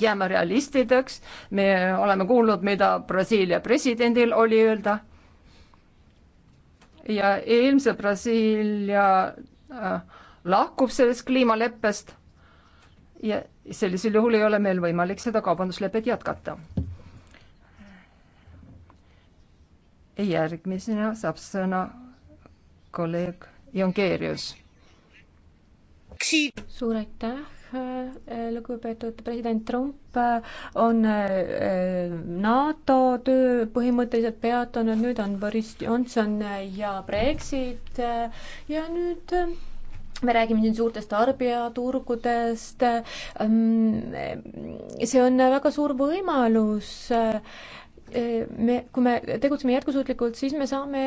jääma realistideks, me oleme kuulnud, mida Brasiilia presidendil oli öelda ja ilmse Brasiilia äh, lahkub sellest kliimaleppest ja sellisel juhul ei ole meil võimalik seda kaubanduslepet jätkata. järgmisena saab sõna kolleeg Jongeerius. suur aitäh Äh, lugupeetud president Trump äh, on äh, NATO töö põhimõtteliselt peatanud, nüüd on Boris Johnson ja Brexit ja nüüd me räägime siin suurtest tarbijaturgudest. Mm, see on väga suur võimalus me, kui me tegutseme jätkusuutlikult, siis me saame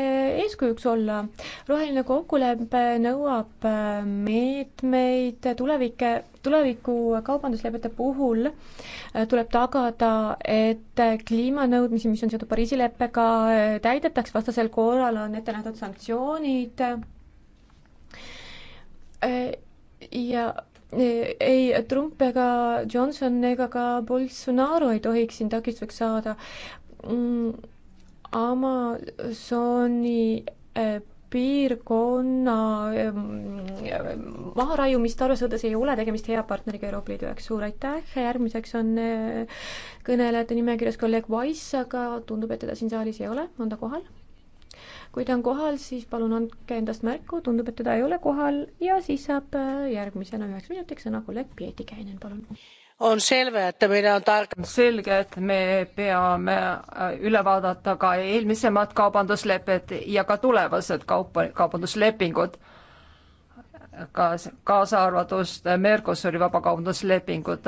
eeskujuks olla. roheline kokkulepe nõuab äh, meetmeid tulevike, tuleviku kaubanduslepete puhul äh, tuleb tagada, et kliimanõudmisi, mis on seotud Pariisi leppega, äh, täidetaks, vastasel korral on ette nähtud sanktsioonid ja ei, Trump ega Johnson ega ka Bolsonaro ei tohiks siin takistuseks saada. Mm, Amazoni eh, piirkonna eh, mm, maharaiumist arvestades ei ole tegemist hea partneriga Euroopa Liidu jaoks. suur aitäh, järgmiseks on eh, kõnelejate nimekirjas kolleeg Wise, aga tundub, et teda siin saalis ei ole, on ta kohal? kui ta on kohal, siis palun andke endast märku, tundub, et teda ei ole kohal ja siis saab järgmisena üheks minutiks sõna kolleeg Pietikäinen, palun on selvä, et meidän on tark-. selge, et me peame äh, üle vaadata ka eelmisemad kaubanduslepped ja ka tulevased kaupa, kaubanduslepingud, kaasa, kaasa arvatud Mercosuri vabakaubanduslepingud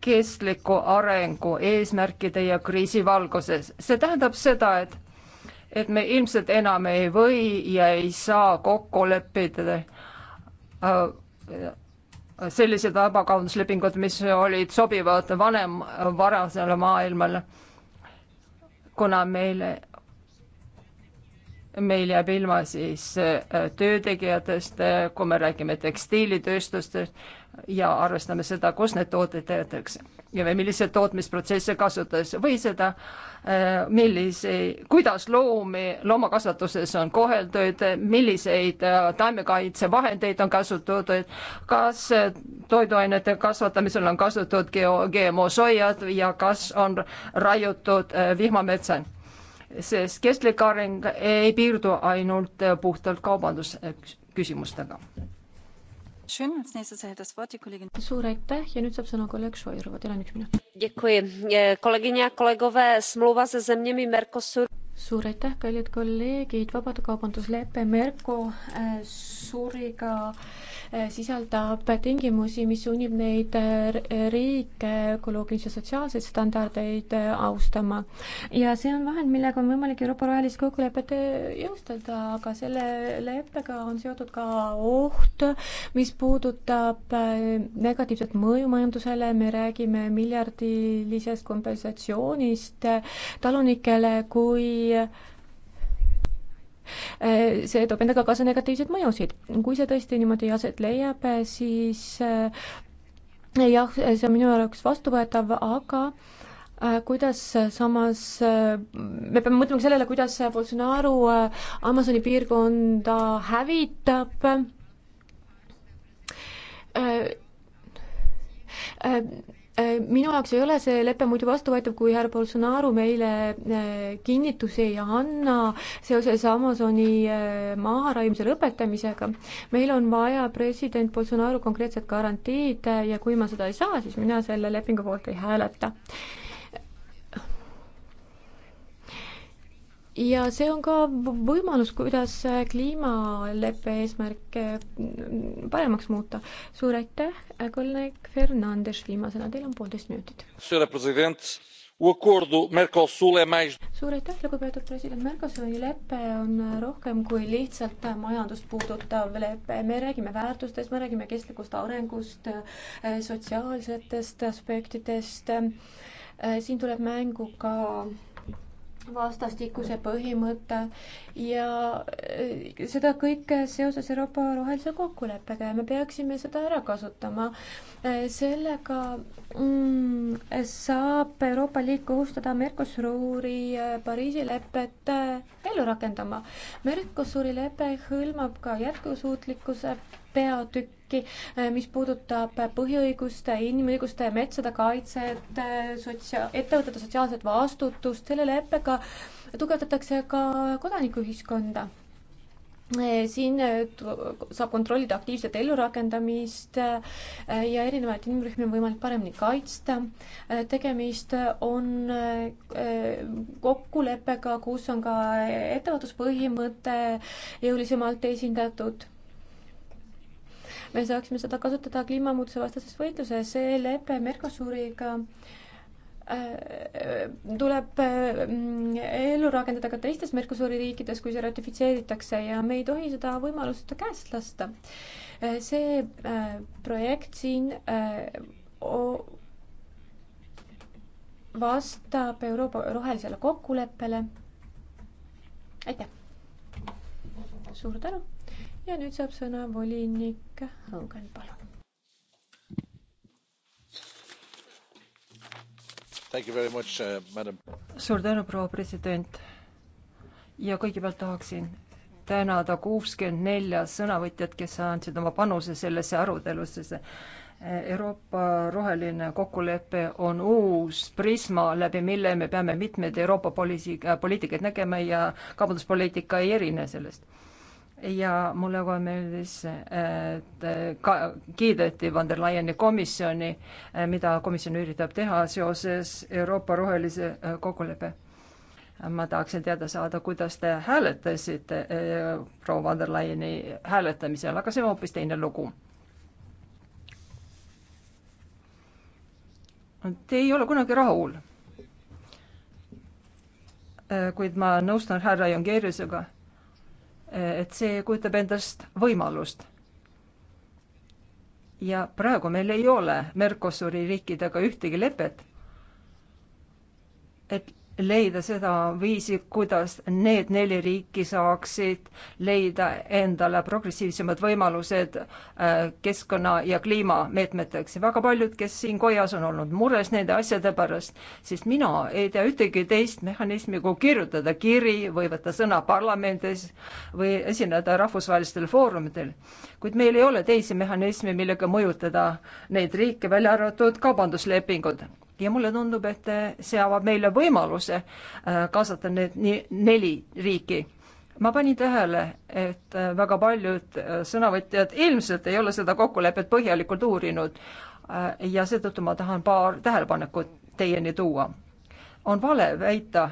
kestliku arengu eesmärkide ja kriisi valguses. see tähendab seda, et, et me ilmselt enam ei või ja ei saa kokku leppida äh, sellised vabakaubanduslepingud, mis olid sobivad vanem, varasele maailmale. kuna meil, meil jääb ilma siis äh, töötegijatest, äh, kui me räägime tekstiilitööstustest ja arvestame seda, kus need tooted töötakse ja milliseid tootmisprotsesse kasutades või seda, äh, millise, kuidas loomi loomakasvatuses on koheldud, milliseid äh, taimekaitsevahendeid on kasutatud, kas äh, toiduainete kasvatamisel on kasutatud GMO soiad ja kas on raiutud vihmametsa sest kestlik areng ei piirdu ainult puhtalt kaubandusküsimustega suur aitäh ja nüüd saab sõna kolleeg Šoidrova, teil on üks minut suur aitäh, kallid kolleegid, vabakaubanduslepe Merco äh, suuriga äh, sisaldab tingimusi, mis sunnib neid äh, riike ökoloogilisi ja sotsiaalseid standardeid austama. ja see on vahend, millega on võimalik Euroopa rohelist kokkulepet jõustada, aga selle leppega on seotud ka oht, mis puudutab negatiivset mõju majandusele, me räägime miljardilisest kompensatsioonist talunikele, kui see toob endaga kaasa negatiivseid mõjusid. kui see tõesti niimoodi aset leiab, siis eh, jah, see on minu jaoks vastuvõetav, aga eh, kuidas samas, eh, me peame mõtlema sellele, kuidas Bolsonaro Amazoni piirkonda hävitab äh,. Äh, Äh, minu jaoks ei ole see lepe muidu vastuvõetav, kui härra Bolsonaro meile äh, kinnitusi ei anna seoses Amazoni äh, maharaiumise lõpetamisega. meil on vaja president Bolsonaro konkreetset garantiid ja kui ma seda ei saa, siis mina selle lepingu poolt ei hääleta ja see on ka võimalus, kuidas kliimaleppe eesmärke paremaks muuta. suur aitäh, kolleeg Fernandes, viimasena teil on poolteist minutit. suur aitäh, lugupeetud president, Mercosuri lepe on rohkem kui lihtsalt majandust puudutav lepe, me räägime väärtustest, me räägime kestlikust arengust, sotsiaalsetest aspektidest, siin tuleb mängu ka vastastikuse põhimõte ja äh, seda kõike seoses Euroopa rohelise kokkuleppega ja me peaksime seda ära kasutama. Äh, sellega mm, saab Euroopa Liit kohustada Mercosuri äh, Pariisi lepet ellu rakendama. Mercosuri lepe hõlmab ka jätkusuutlikkuse peatükki pakti, eh, mis puudutab põhiõiguste, inimõiguste, metsade kaitset, eh, sotsia-, ettevõtete sotsiaalset vastutust, selle leppega tugevdatakse ka kodanikuühiskonda. Eh, siin saab kontrollida aktiivset ellurakendamist ja erinevaid inimrühmi on võimalik paremini kaitsta. tegemist on kokkuleppega, kus on ka ettevõtluspõhimõte jõulisemalt esindatud me saaksime seda kasutada kliimamuutuse vastases võitluses, see lepe Mercosuriga äh, tuleb äh, ellu rakendada ka teistes Mercosuri riikides, kui see ratifitseeritakse ja me ei tohi seda võimalust käest lasta. Äh, see projekt siin vastab Euroopa rohelisele kokkuleppele. aitäh! suur tänu! ja nüüd saab sõna volinik Hogan, palun. Much, uh, suur tänu, proua president. ja kõigepealt tahaksin tänada kuuskümmend nelja sõnavõtjat, kes andsid oma panuse sellesse arutelusse. Euroopa roheline kokkulepe on uus prisma, läbi mille me peame mitmeid Euroopa poliisi-, poliitikaid nägema ja kaubanduspoliitika ei erine sellest ja mulle väga meeldis, et äh, ka kiideti von der Leyeni komisjoni, äh, mida komisjon üritab teha seoses Euroopa rohelise äh, kokkuleppe. ma tahaksin teada saada, kuidas te hääletasite proua von der Leyeni hääletamisel, aga see on hoopis teine lugu. Te ei ole kunagi rahul. kuid ma nõustun härra Jongeeriusega et see kujutab endast võimalust. ja praegu meil ei ole Mercosuri riikidega ühtegi lepet, et leida seda viisi, kuidas need neli riiki saaksid leida endale progressiivsemad võimalused äh, keskkonna ja kliimameetmeteks ja väga paljud, kes siin kojas on olnud mures nende asjade pärast, sest mina ei tea ühtegi teist mehhanismi, kui kirjutada kiri või võtta sõna parlamendis või esineda rahvusvahelistel foorumitel. kuid meil ei ole teisi mehhanisme, millega mõjutada neid riike, välja arvatud kaubanduslepingud ja mulle tundub, et see avab meile võimaluse äh, kaasata need neli riiki. ma panin tähele, et äh, väga paljud äh, sõnavõtjad ilmselt ei ole seda kokkulepet põhjalikult uurinud ja seetõttu ma tahan paar tähelepanekut teieni tuua. on vale väita,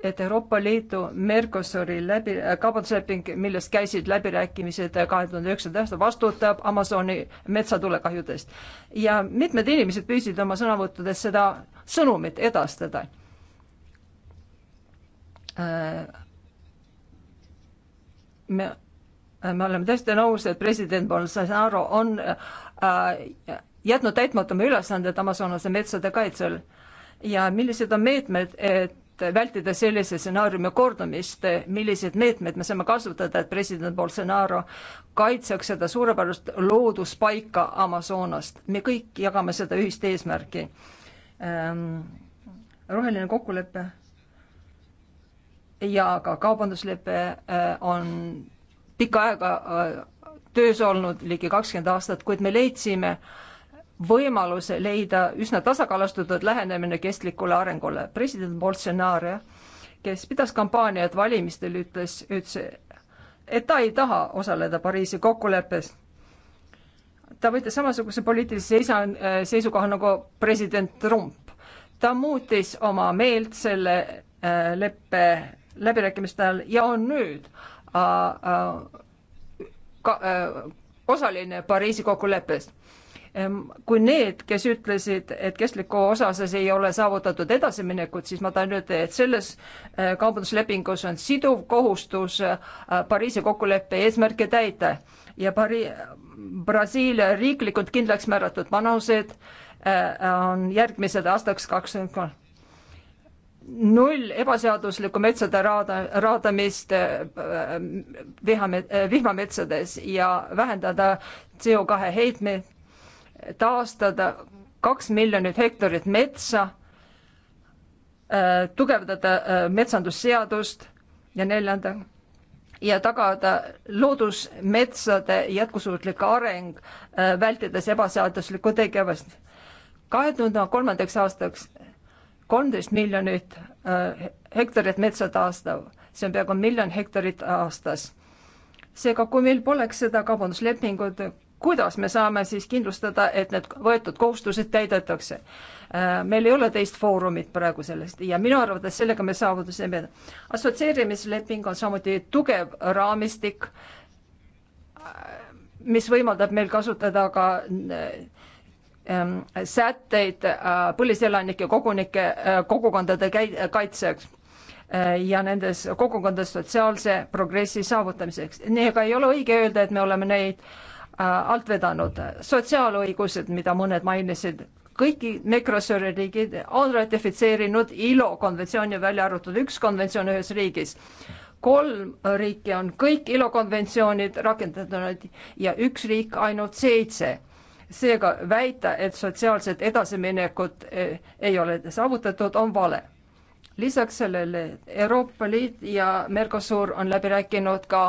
et Euroopa Liidu Mercosuri läbi, kaubandusleping, millest käisid läbirääkimised kahe tuhande üheksanda aasta, vastutab Amazoni metsatulekahjudest. ja mitmed inimesed püüdsid oma sõnavõttudes seda sõnumit edastada äh,. me, me oleme tõesti nõus, et president Bolsonaro on äh, jätnud täitmata oma ülesanded Amazonase metsade kaitsel ja millised on meetmed, et vältida sellise stsenaariumi kordumist, millised meetmed me saame kasutada, et president Bolsonaro kaitseks seda suurepärast looduspaika Amazonast. me kõik jagame seda ühist eesmärki ähm,. roheline kokkulepe ja ka kaubanduslepe äh, on pikka aega äh, töös olnud, ligi kakskümmend aastat, kuid me leidsime äh, võimalus leida üsna tasakaalustatud lähenemine kestlikule arengule. president Bolsonaro, kes pidas kampaaniat valimistel, ütles, ütles, et ta ei taha osaleda Pariisi kokkuleppes. ta võttis samasuguse poliitilise seisa, äh, seisukoha nagu president Trump. ta muutis oma meelt selle äh, leppe läbirääkimiste ajal ja on nüüd a, äh, a, ka, a, osaline Pariisi kokkuleppest kui need, kes ütlesid, et kestliku osas ei ole saavutatud edasiminekut, siis ma tahan öelda, et selles eh, kaubanduslepingus on siduv kohustus eh, Pariisi kokkuleppe eesmärke täita ja Pari-, Brasiilia riiklikult kindlaks määratud panused eh, on järgmised aastaks kakskümmend kolm null ebaseaduslikku metsade raada, raadamist vihamet-, vihmametsades ja vähendada CO2 heitmeid taastada kaks miljonit hektarit metsa, äh, tugevdada äh, metsandusseadust ja neljanda, ja tagada loodusmetsade jätkusuutlik areng, äh, vältides ebaseaduslikku tegevust. kahe tuhande kolmandaks aastaks kolmteist miljonit hektarit metsa taastav, see on peaaegu miljon hektarit aastas. seega, kui meil poleks seda kaubanduslepingut, kuidas me saame siis kindlustada, et need võetud kohustused täidetakse? Äh, meil ei ole teist foorumit praegu sellest ja minu arvates sellega me saavutasime. assotsieerimisleping on samuti tugev raamistik, äh, mis võimaldab meil kasutada ka äh, ähm, sätteid põliselanike, kogunike, kogukondade kaitseks ja nendes kogukondades sotsiaalse progressi saavutamiseks. nii, aga ei ole õige öelda, et me oleme neid äh, Äh, alt vedanud. sotsiaalõigused, mida mõned mainisid, kõiki Mercosuri riigid on ratifitseerinud ILO konventsiooni, välja arvatud üks konventsioon ühes riigis. kolm riiki on kõik ILO konventsioonid rakendatud ja üks riik ainult seitse. seega väita, et sotsiaalset edasiminekut äh, ei ole saavutatud, on vale lisaks sellele Euroopa Liit ja Mercosur on läbi rääkinud ka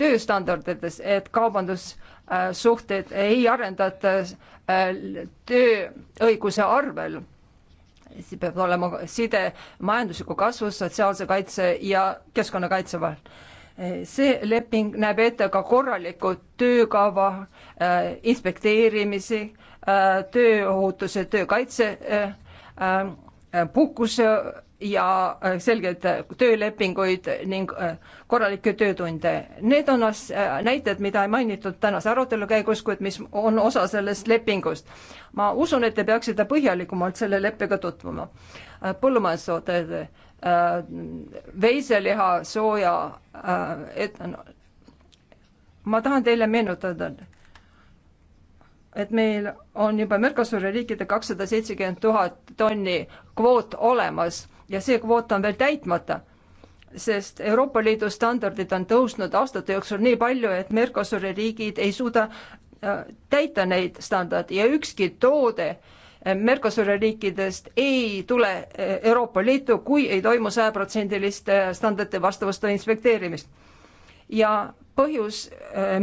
tööstandardites, et kaubandussuhteid ei arendata äh, tööõiguse arvel. siis peab olema side majandusliku kasvu, sotsiaalse kaitse ja keskkonnakaitse vahel. Äh, see leping näeb ette ka korraliku töökava, äh, inspekteerimisi, tööohutuse, töökaitse, puhkuse ja äh, selgelt äh, töölepinguid ning äh, korralikke töötunde. Need on as-, näited, mida ei mainitud tänase arutelu käigus, kuid mis on osa sellest lepingust. ma usun, et te peaksite põhjalikumalt selle leppega tutvuma. põllumajandustoodete veiseliha, sooja, etanool. ma tahan teile meenutada, et meil on juba Mercosuri riikide kakssada seitsekümmend tuhat tonni kvoot olemas ja see kvoot on veel täitmata, sest Euroopa Liidu standardid on tõusnud aastate jooksul nii palju, et Mercosuri riigid ei suuda äh, täita neid standardeid ja ükski toode äh, Mercosuri riikidest ei tule äh, Euroopa Liitu, kui ei toimu sajaprotsendilist standardite vastavuste inspekteerimist. ja põhjus,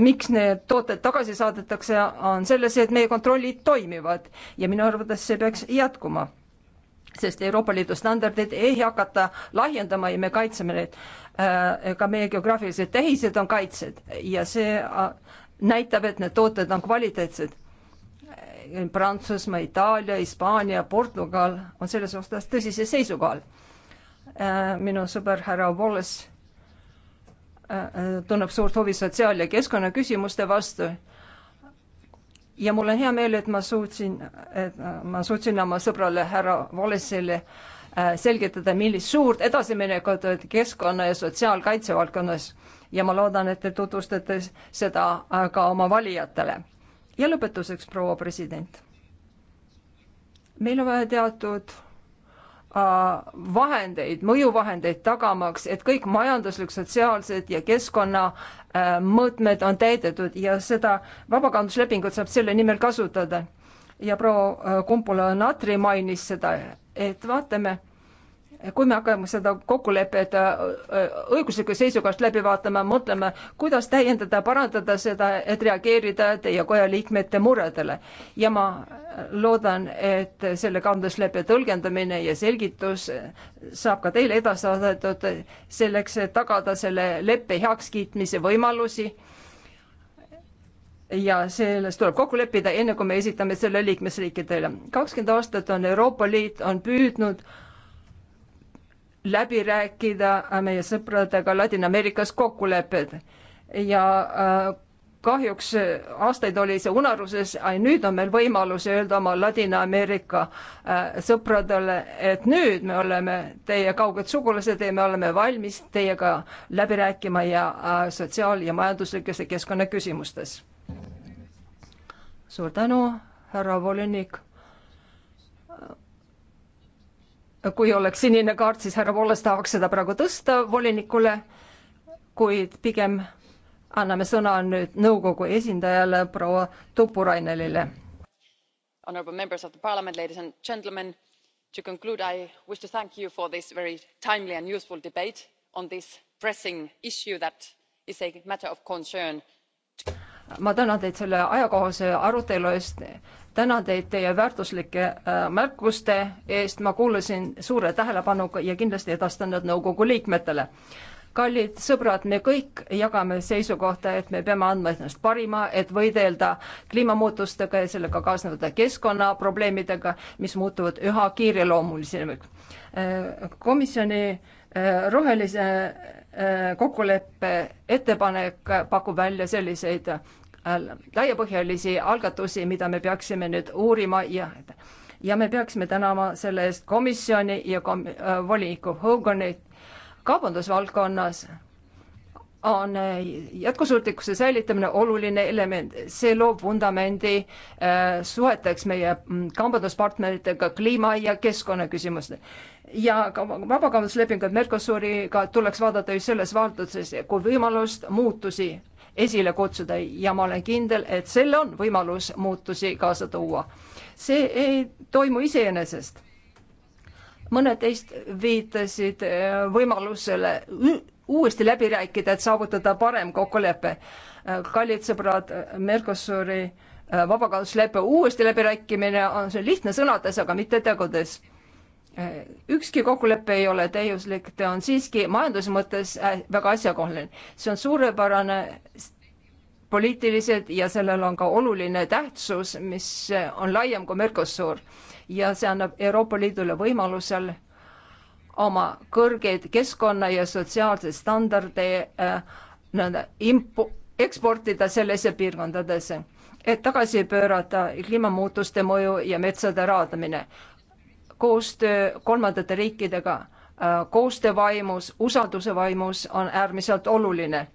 miks need tooted tagasi saadetakse, on selles, et meie kontrollid toimivad ja minu arvates see peaks jätkuma sest Euroopa Liidu standardeid ei hakata lahjendama ja me kaitseme neid. Äh, ka meie geograafilised tehised on kaitsed ja see äh, näitab, et need tooted on kvaliteetsed. Prantsusmaa, Itaalia, Hispaania, Portugal on selles osas tõsises seisukohal. Äh, minu sõber härra Wallace tunneb suurt huvi sotsiaal- ja keskkonnaküsimuste vastu ja mul on hea meel, et ma suutsin, et ma suutsin oma sõbrale härra Wallesele äh, selgitada, millist suurt edasiminekut keskkonna ja sotsiaalkaitse valdkonnas ja ma loodan, et te tutvustate seda äh, ka oma valijatele. ja lõpetuseks, proua president. meil on vaja teatud Äh, vahendeid, mõjuvahendeid tagamaks, et kõik majanduslik, sotsiaalsed ja keskkonna äh, mõõtmed on täidetud ja seda vabakaubanduslepingut saab selle nimel kasutada. ja proua äh, Kumpula-Natri mainis seda, et vaatame kui me hakkame seda kokkulepet äh, äh, õigusliku seisukohast läbi vaatama, mõtlema, kuidas täiendada, parandada seda, et reageerida teie koja liikmete muredele. ja ma loodan, et selle kandusleppe tõlgendamine ja selgitus saab ka teile edasi saadetud selleks, et tagada selle leppe heakskiitmise võimalusi ja selles tuleb kokku leppida, enne kui me esitame selle liikmesriikidele. kakskümmend aastat on Euroopa Liit on püüdnud äh, läbi rääkida äh, meie sõpradega Ladina-Ameerikas kokkulepped ja äh, kahjuks aastaid oli see unaruses, aga nüüd on meil võimalus öelda oma Ladina-Ameerika äh, sõpradele, et nüüd me oleme teie kauged sugulased ja me oleme valmis teiega läbi rääkima ja sotsiaal- ja majanduslikes ja keskkonnaküsimustes. suur tänu, härra volinik kui oleks sinine kaart, siis härra Vollas tahaks seda praegu tõsta volinikule, kuid pigem anname sõna nüüd nõukogu esindajale proua Tupurainelile. Honourable members of the parliament, ladies and gentlemen, to conclude I wish to thank you for this very timely and useful debate on this pressing issue that is a matter of concern ma tänan teid selle ajakohase arutelu eest, tänan teid teie väärtuslike äh, märkuste eest, ma kuulasin suure tähelepanuga ja kindlasti edastan need nõukogu liikmetele. kallid sõbrad, me kõik jagame seisukohta, et me peame andma ennast parima, et võidelda kliimamuutustega ja sellega kaasnevate keskkonnaprobleemidega, mis muutuvad üha kiireloomulisemaks. Äh, komisjoni äh, rohelise kokkuleppe ettepanek pakub välja selliseid äh, laiapõhjalisi algatusi, mida me peaksime nüüd uurima ja ja me peaksime tänama selle eest komisjoni ja kom-, äh, volinikku Hoganit kaubandusvaldkonnas on äh, jätkusuutlikkuse säilitamine oluline element, see loob vundamendi äh, suheteks meie mm, kaubanduspartneritega kliima ja keskkonnaküsimustel. ja ka vabakaubanduslepingud Mercosuriga tuleks vaadata just selles vaatuses kui võimalust muutusi esile kutsuda ja ma olen kindel, et seal on võimalus muutusi kaasa tuua. see ei toimu iseenesest. mõned teist viitasid äh, võimalusele uuesti läbi rääkida, et saavutada parem kokkulepe. kallid sõbrad, Mercosuri äh, vabakaubanduslepe uuesti läbirääkimine on see lihtne sõnades, aga mitte tegudes. Äh, ükski kokkulepe ei ole täiuslik, ta on siiski majanduse mõttes äh, väga asjakohane. see on suurepärane poliitiliselt ja sellel on ka oluline tähtsus, mis on laiem kui Mercosur ja see annab Euroopa Liidule võimalusel oma kõrgeid keskkonna ja sotsiaalseid standardeid äh, impu-, eksportida sellesse piirkondadesse, et tagasi pöörata kliimamuutuste mõju ja metsade raadamine. koostöö kolmandate riikidega äh,, koostöö vaimus, usalduse vaimus on äärmiselt oluline.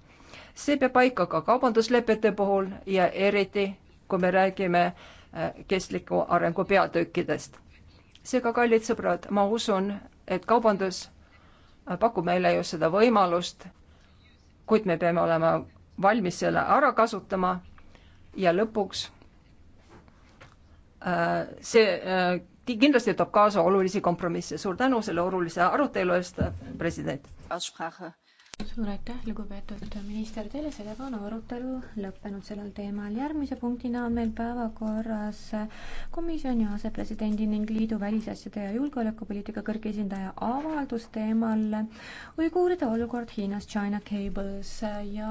see peab paika ka kaubanduslepete puhul ja eriti, kui me räägime äh, kestliku arengu peatükkidest. seega, kallid sõbrad, ma usun, et kaubandus pakub meile just seda võimalust, kuid me peame olema valmis selle ära kasutama ja lõpuks äh, see äh, kindlasti toob kaasa olulisi kompromisse. suur tänu selle olulise arutelu eest, president suur aitäh, lugupeetud minister, teile sellega on arutelu lõppenud sellel teemal. järgmise punktina on meil päevakorras komisjoni asepresidendi ning liidu välisasjade ja julgeolekupoliitika kõrge esindaja avaldus teemal uiguuride olukord Hiinas China Cables ja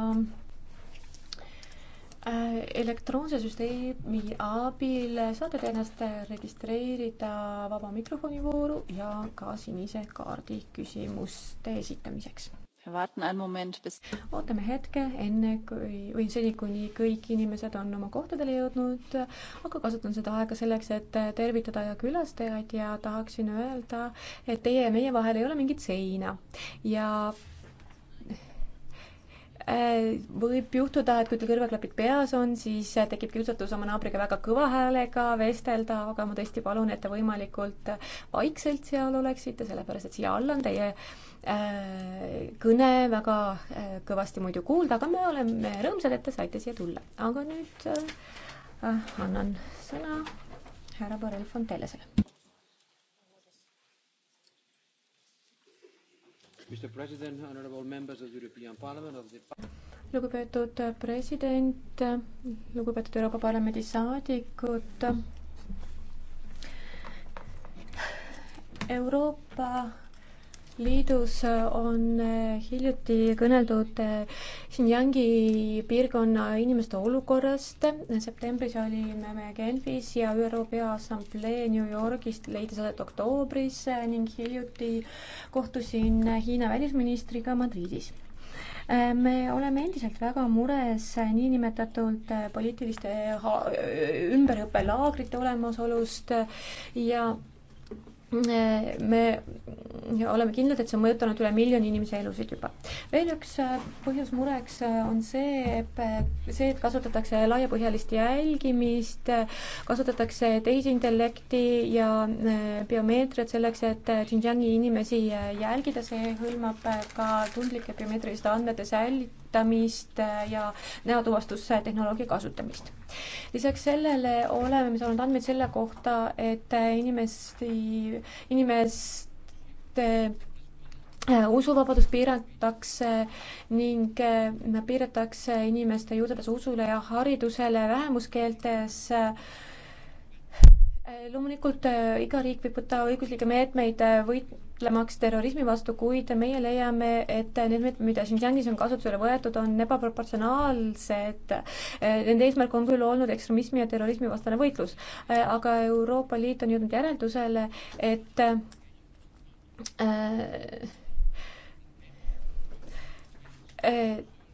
äh, elektroonse süsteemi abil saate te ennast registreerida vaba mikrofoni vooru ja ka sinise kaardi küsimuste esitamiseks ootame hetke, enne kui, või seni, kuni kõik inimesed on oma kohtadele jõudnud, aga kasutan seda aega selleks, et tervitada külastajaid ja tahaksin öelda, et teie ja meie vahel ei ole mingit seina ja äh, võib juhtuda, et kui teil kõrvaklapid peas on, siis tekib kiusatus oma naabriga väga kõva häälega vestelda, aga ma tõesti palun, et te võimalikult vaikselt seal oleksite, sellepärast et siia alla on teie Äh, kõne väga äh, kõvasti muidu kuulda, aga me oleme rõõmsad, et te saite siia tulla. aga nüüd äh, äh annan sõna härra Borrell Fontellesele. lugupeetud president, lugupeetud Euroopa Parlamendi saadikud. Euroopa liidus äh, on äh, hiljuti kõneldud äh, Xinjiangi piirkonna inimeste olukorrast. septembris olime me Genfis ja ÜRO Peaassamblee New Yorgis leidis aset oktoobris ning hiljuti kohtusin Hiina välisministriga Madridis me oleme endiselt väga mures niinimetatud poliitiliste ümberõppelaagrite olemasolust ja me oleme kindlad, et see on mõjutanud üle miljoni inimese elusid juba. veel üks äh, põhjus mureks äh, on see, et äh, see, et kasutatakse laiapõhjalist jälgimist, kasutatakse tehisintellekti ja biomeetriat selleks, et Xinjiangi inimesi jälgida, see hõlmab ka tundlike biomeetriliste andmete säil-, kasutamist äh, ja näotuvastustehnoloogia kasutamist. lisaks sellele oleme me saanud andmeid selle kohta, et äh, inimesi, inimeste äh, usuvabadust piiratakse ning piiratakse inimeste juurdepääsu usule ja haridusele vähemuskeeltes. loomulikult iga riik võib võtta õiguslikke meetmeid võit-, võitlemaks terrorismi vastu, kuid meie leiame, et need meetmed, mida Xinjiangis on kasutusele võetud, on ebaproportsionaalsed. Nende eesmärk on küll olnud ekstremismi ja terrorismi vastane võitlus, aga Euroopa Liit on jõudnud järeldusele, et äh, äh,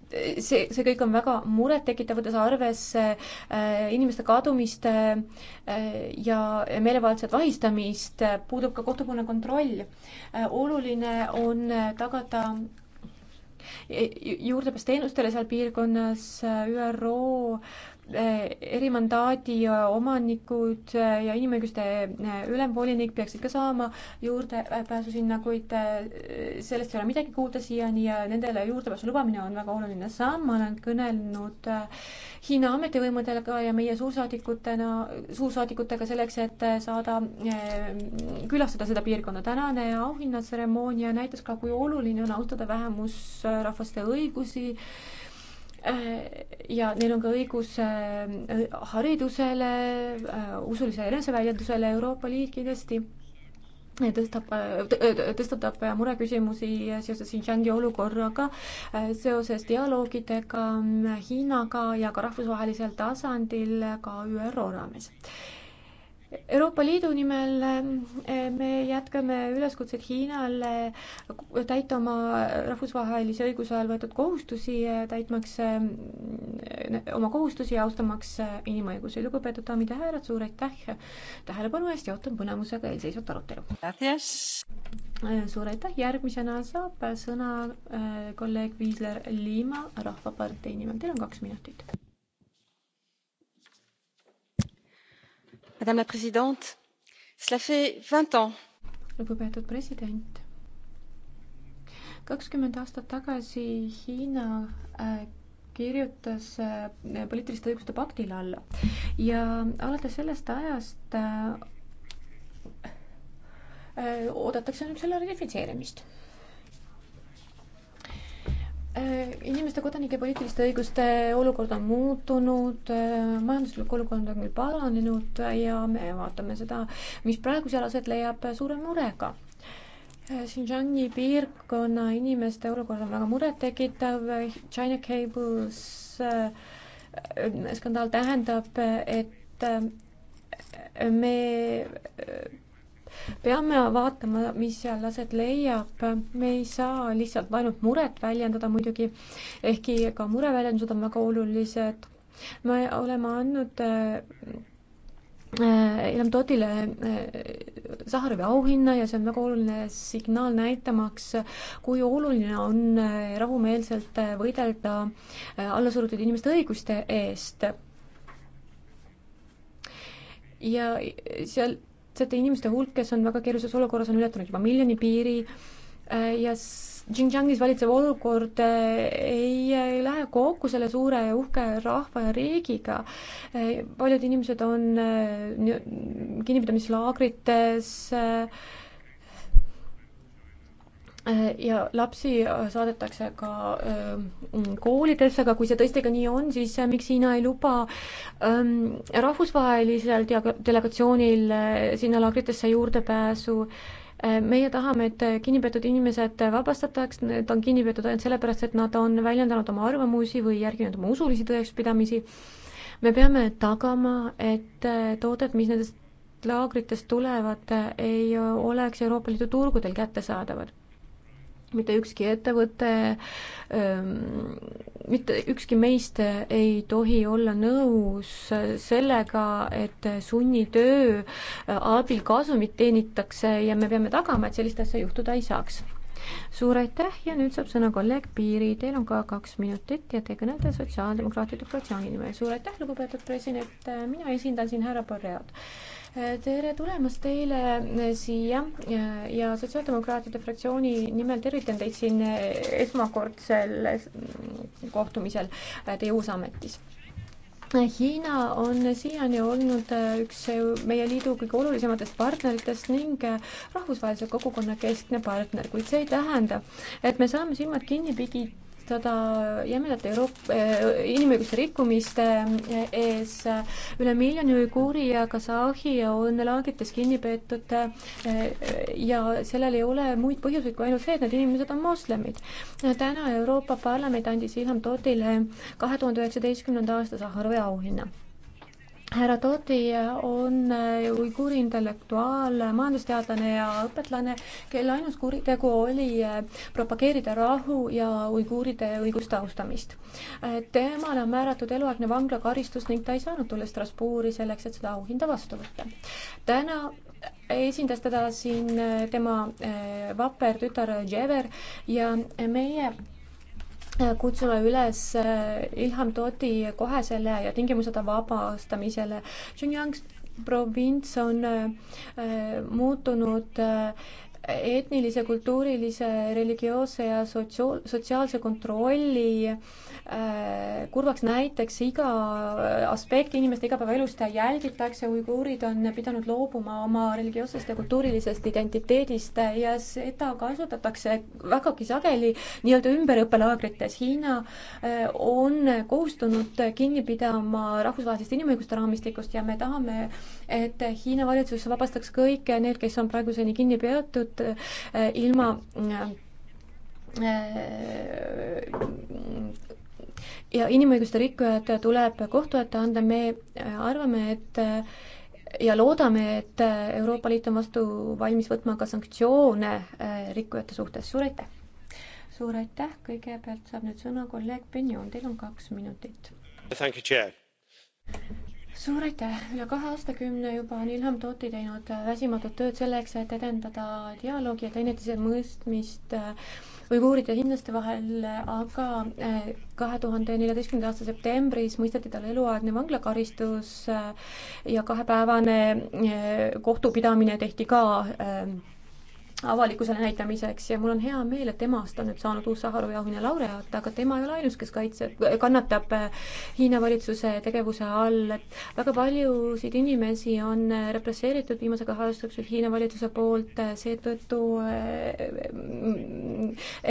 see, see kõik on väga murettekitav, võttes arvesse äh, inimeste kadumist äh, ja meelevaldset vahistamist, puudub ka kohtukonna kontroll. Äh, oluline on tagada juurdepääs teenustele seal piirkonnas, ÜRO erimandaadi omanikud ja inimõiguste ülemvolinik peaksid ka saama juurdepääsu sinna, kuid äh, sellest ei ole midagi kuulda siiani ja nendele juurdepääsu lubamine on väga oluline samm, ma olen kõnelenud äh, Hiina ametivõimudega ja meie suursaadikutena, suursaadikutega selleks, et äh, saada külastada seda piirkonda. tänane auhinnatseremoonia näitas ka, kui oluline on austada vähemusrahvaste õigusi Äh, ja neil on ka õigus äh, haridusele, äh, usulisele eneseväljendusele, Euroopa Liit kindlasti tõstab, tõstatab mureküsimusi seoses Xinjiangi olukorraga, seoses dialoogidega Hiinaga ja ka rahvusvahelisel tasandil, ka ÜRO raames Euroopa Liidu nimel eh, me jätkame üleskutseid Hiinale täita oma rahvusvahelise õiguse all võetud kohustusi, täitmaks eh, oma kohustusi ja austamaks eh, inimõigusi. lugupeetud daamid ja härrad, suur aitäh tähelepanu eest ja ootan põnevusega eelseisvat arutelu. suur aitäh, järgmisena saab sõna kolleeg Viisler Liima Rahvapartei nimel, teil on kaks minutit lugupeetud president kakskümmend aastat tagasi hiina äh, kirjutas äh, poliitiliste õiguste paktile alla ja alates sellest ajast äh, oodatakse nüüd selle ratifitseerimist inimeste kodanike poliitiliste õiguste olukord on muutunud, majanduslik olukord on küll paranenud ja me vaatame seda, mis praegu seal aset leiab, suure murega. Xinjiangi piirkonna inimeste olukord on väga murettekitav, China Cables äh, skandaal tähendab, et äh, me peame vaatama, mis seal aset leiab, me ei saa lihtsalt ainult muret väljendada muidugi, ehkki ka mureväljendused on väga olulised. me oleme andnud äh, Ilham Totile Saharovi äh, auhinna ja see on väga oluline signaal näitamaks, kui oluline on äh, rahumeelselt võidelda allasurutud inimeste õiguste eest. ja seal tuhandsete inimeste hulk, kes on väga keerulises olukorras, on ületanud juba miljoni piiri äh, ja Xinjiangis valitsev olukord äh, ei äh, lähe kokku selle suure ja uhke rahva ja riigiga. paljud inimesed on kinnipidamislaagrites äh, ja lapsi äh, saadetakse ka ähm, koolidesse, aga kui see tõesti ka nii on, siis äh, miks Hiina ei luba ähm, rahvusvahelisel delegatsioonil äh, sinna laagritesse juurdepääsu? meie tahame, et kinnipeetud inimesed vabastataks, need on kinni peetud ainult sellepärast, et nad on väljendanud oma arvamusi või järginud oma usulisi tõekspidamisi. me peame tagama, et tooted, mis nendest laagritest tulevad, ei oleks Euroopa Liidu turgudel kättesaadavad mitte ükski ettevõte, ähm, mitte ükski meist ei tohi olla nõus sellega, et sunnitöö abil kasumit teenitakse ja me peame tagama, et sellist asja juhtuda ei saaks suur aitäh ja nüüd saab sõna kolleeg Piiri, teil on ka kaks minutit ja te kõnete Sotsiaaldemokraatide fraktsiooni nimel. suur aitäh, lugupeetud president, mina esindan siin härra Borreod tere tulemast teile siia ja, ja Sotsiaaldemokraatide fraktsiooni nimel tervitan teid siin esmakordsel kohtumisel teie uus ametis Hiina on siiani olnud äh, üks äh, meie liidu kõige olulisematest partneritest ning äh, rahvusvahelise kogukonna keskne partner, kuid see ei tähenda, et me saame silmad kinni pigi-, karistada jämedat Euroopa eh,, äh, inimõiguste rikkumiste äh, ees. üle miljoni uiguuri ja kasahhi on laagrites kinni peetud äh, ja sellel ei ole muid põhjuseid kui ainult see, et need inimesed on moslemid. täna Euroopa Parlament andis Ilham Totile kahe tuhande üheksateistkümnenda aasta Sahharovi auhinna härra Toti on äh, uiguuri intellektuaal, majandusteadlane ja õpetlane, kelle ainus kuritegu oli äh, propageerida rahu ja uiguuride õiguste austamist. Äh, temale on määratud eluaegne vanglakaristus ning ta ei saanud tulla Strasbourgi selleks, et seda auhinda vastu võtta. täna esindas teda siin tema vapper tütar Jever ja meie kutsume üles äh, Ilham Tohti kohesele ja tingimuseta vabastamisele. Xinjiang provints on äh, äh, muutunud etnilise, kultuurilise, religioosse ja sotsiaal, sotsiaalse kontrolli äh, kurvaks näiteks iga äh, aspekti inimeste igapäevaelust jälgitakse, uiguurid on pidanud loobuma oma religioossest ja kultuurilisest identiteedist ja seda kasutatakse vägagi sageli nii-öelda ümberõppelaagrites. Hiina äh, on kohustunud kinni pidama rahvusvahelisest inimõiguste raamistikust ja me tahame, et Hiina valitsus vabastaks kõik need, kes on praeguseni kinni peetud, et eh, ilma eh, ja inimõiguste rikkujad tuleb kohtu ette anda, me arvame, et ja loodame, et Euroopa Liit on vastu valmis võtma ka sanktsioone eh, rikkujate suhtes, suur aitäh! suur aitäh, kõigepealt saab nüüd sõna kolleeg Benjon, teil on kaks minutit suur aitäh, üle kahe aastakümne juba on Ilham Tooti teinud äh, väsimatut tööd selleks, et edendada dialoogi ja teineteise mõistmist äh, uiguuride ja hiinlaste vahel, aga äh, kahe tuhande neljateistkümnenda aasta septembris mõisteti talle eluaegne vanglakaristus ja kahepäevane kohtupidamine tehti ka avalikkusele näitamiseks ja mul on hea meel, et temast on nüüd saanud uus Saharovi auhinna laureaat, aga tema ei ole ainus, kes kaitseb, kannatab äh, Hiina valitsuse tegevuse all, et väga paljusid inimesi on äh, represseeritud viimase kahe aasta jooksul Hiina valitsuse poolt äh, seetõttu,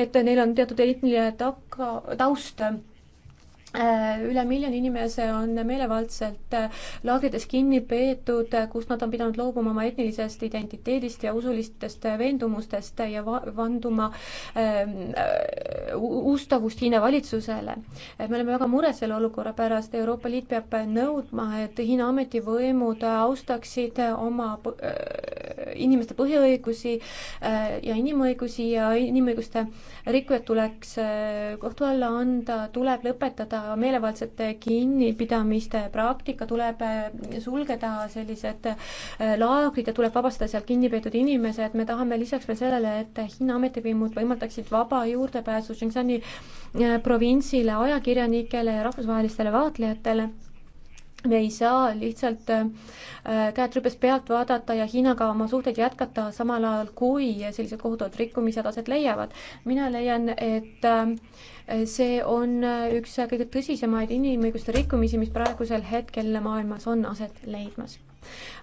et neil on teatud etniline taka, taust Äh, üle miljoni inimese on meelevaldselt äh, laagrites kinni peetud, äh, kus nad on pidanud loobuma oma etnilisest identiteedist ja usulistest veendumustest ja va-, vanduma ähm, äh, ustavust Hiina valitsusele. me oleme väga mures selle olukorra pärast, Euroopa Liit peab nõudma, et Hiina ametivõimud austaksid oma äh, inimeste põhiõigusi äh, ja inimõigusi ja inimõiguste rikkujad tuleks äh, kohtu alla anda, tuleb lõpetada meelevaldsete kinnipidamiste praktika, tuleb eh, sulgeda sellised eh, laagrid ja tuleb vabastada sealt kinni peetud inimesed, me tahame lisaks veel sellele, et Hiina ametivõimud võimaldaksid vaba juurdepääsu Xinjiangi eh, provintsile ajakirjanikele ja rahvusvahelistele vaatlejatele me ei saa lihtsalt äh, käed rüpes pealt vaadata ja Hiinaga oma suhteid jätkata, samal ajal kui sellised kohutavad rikkumised aset leiavad. mina leian, et äh, see on äh, üks kõige tõsisemaid inimõiguste rikkumisi, mis praegusel hetkel maailmas on aset leidmas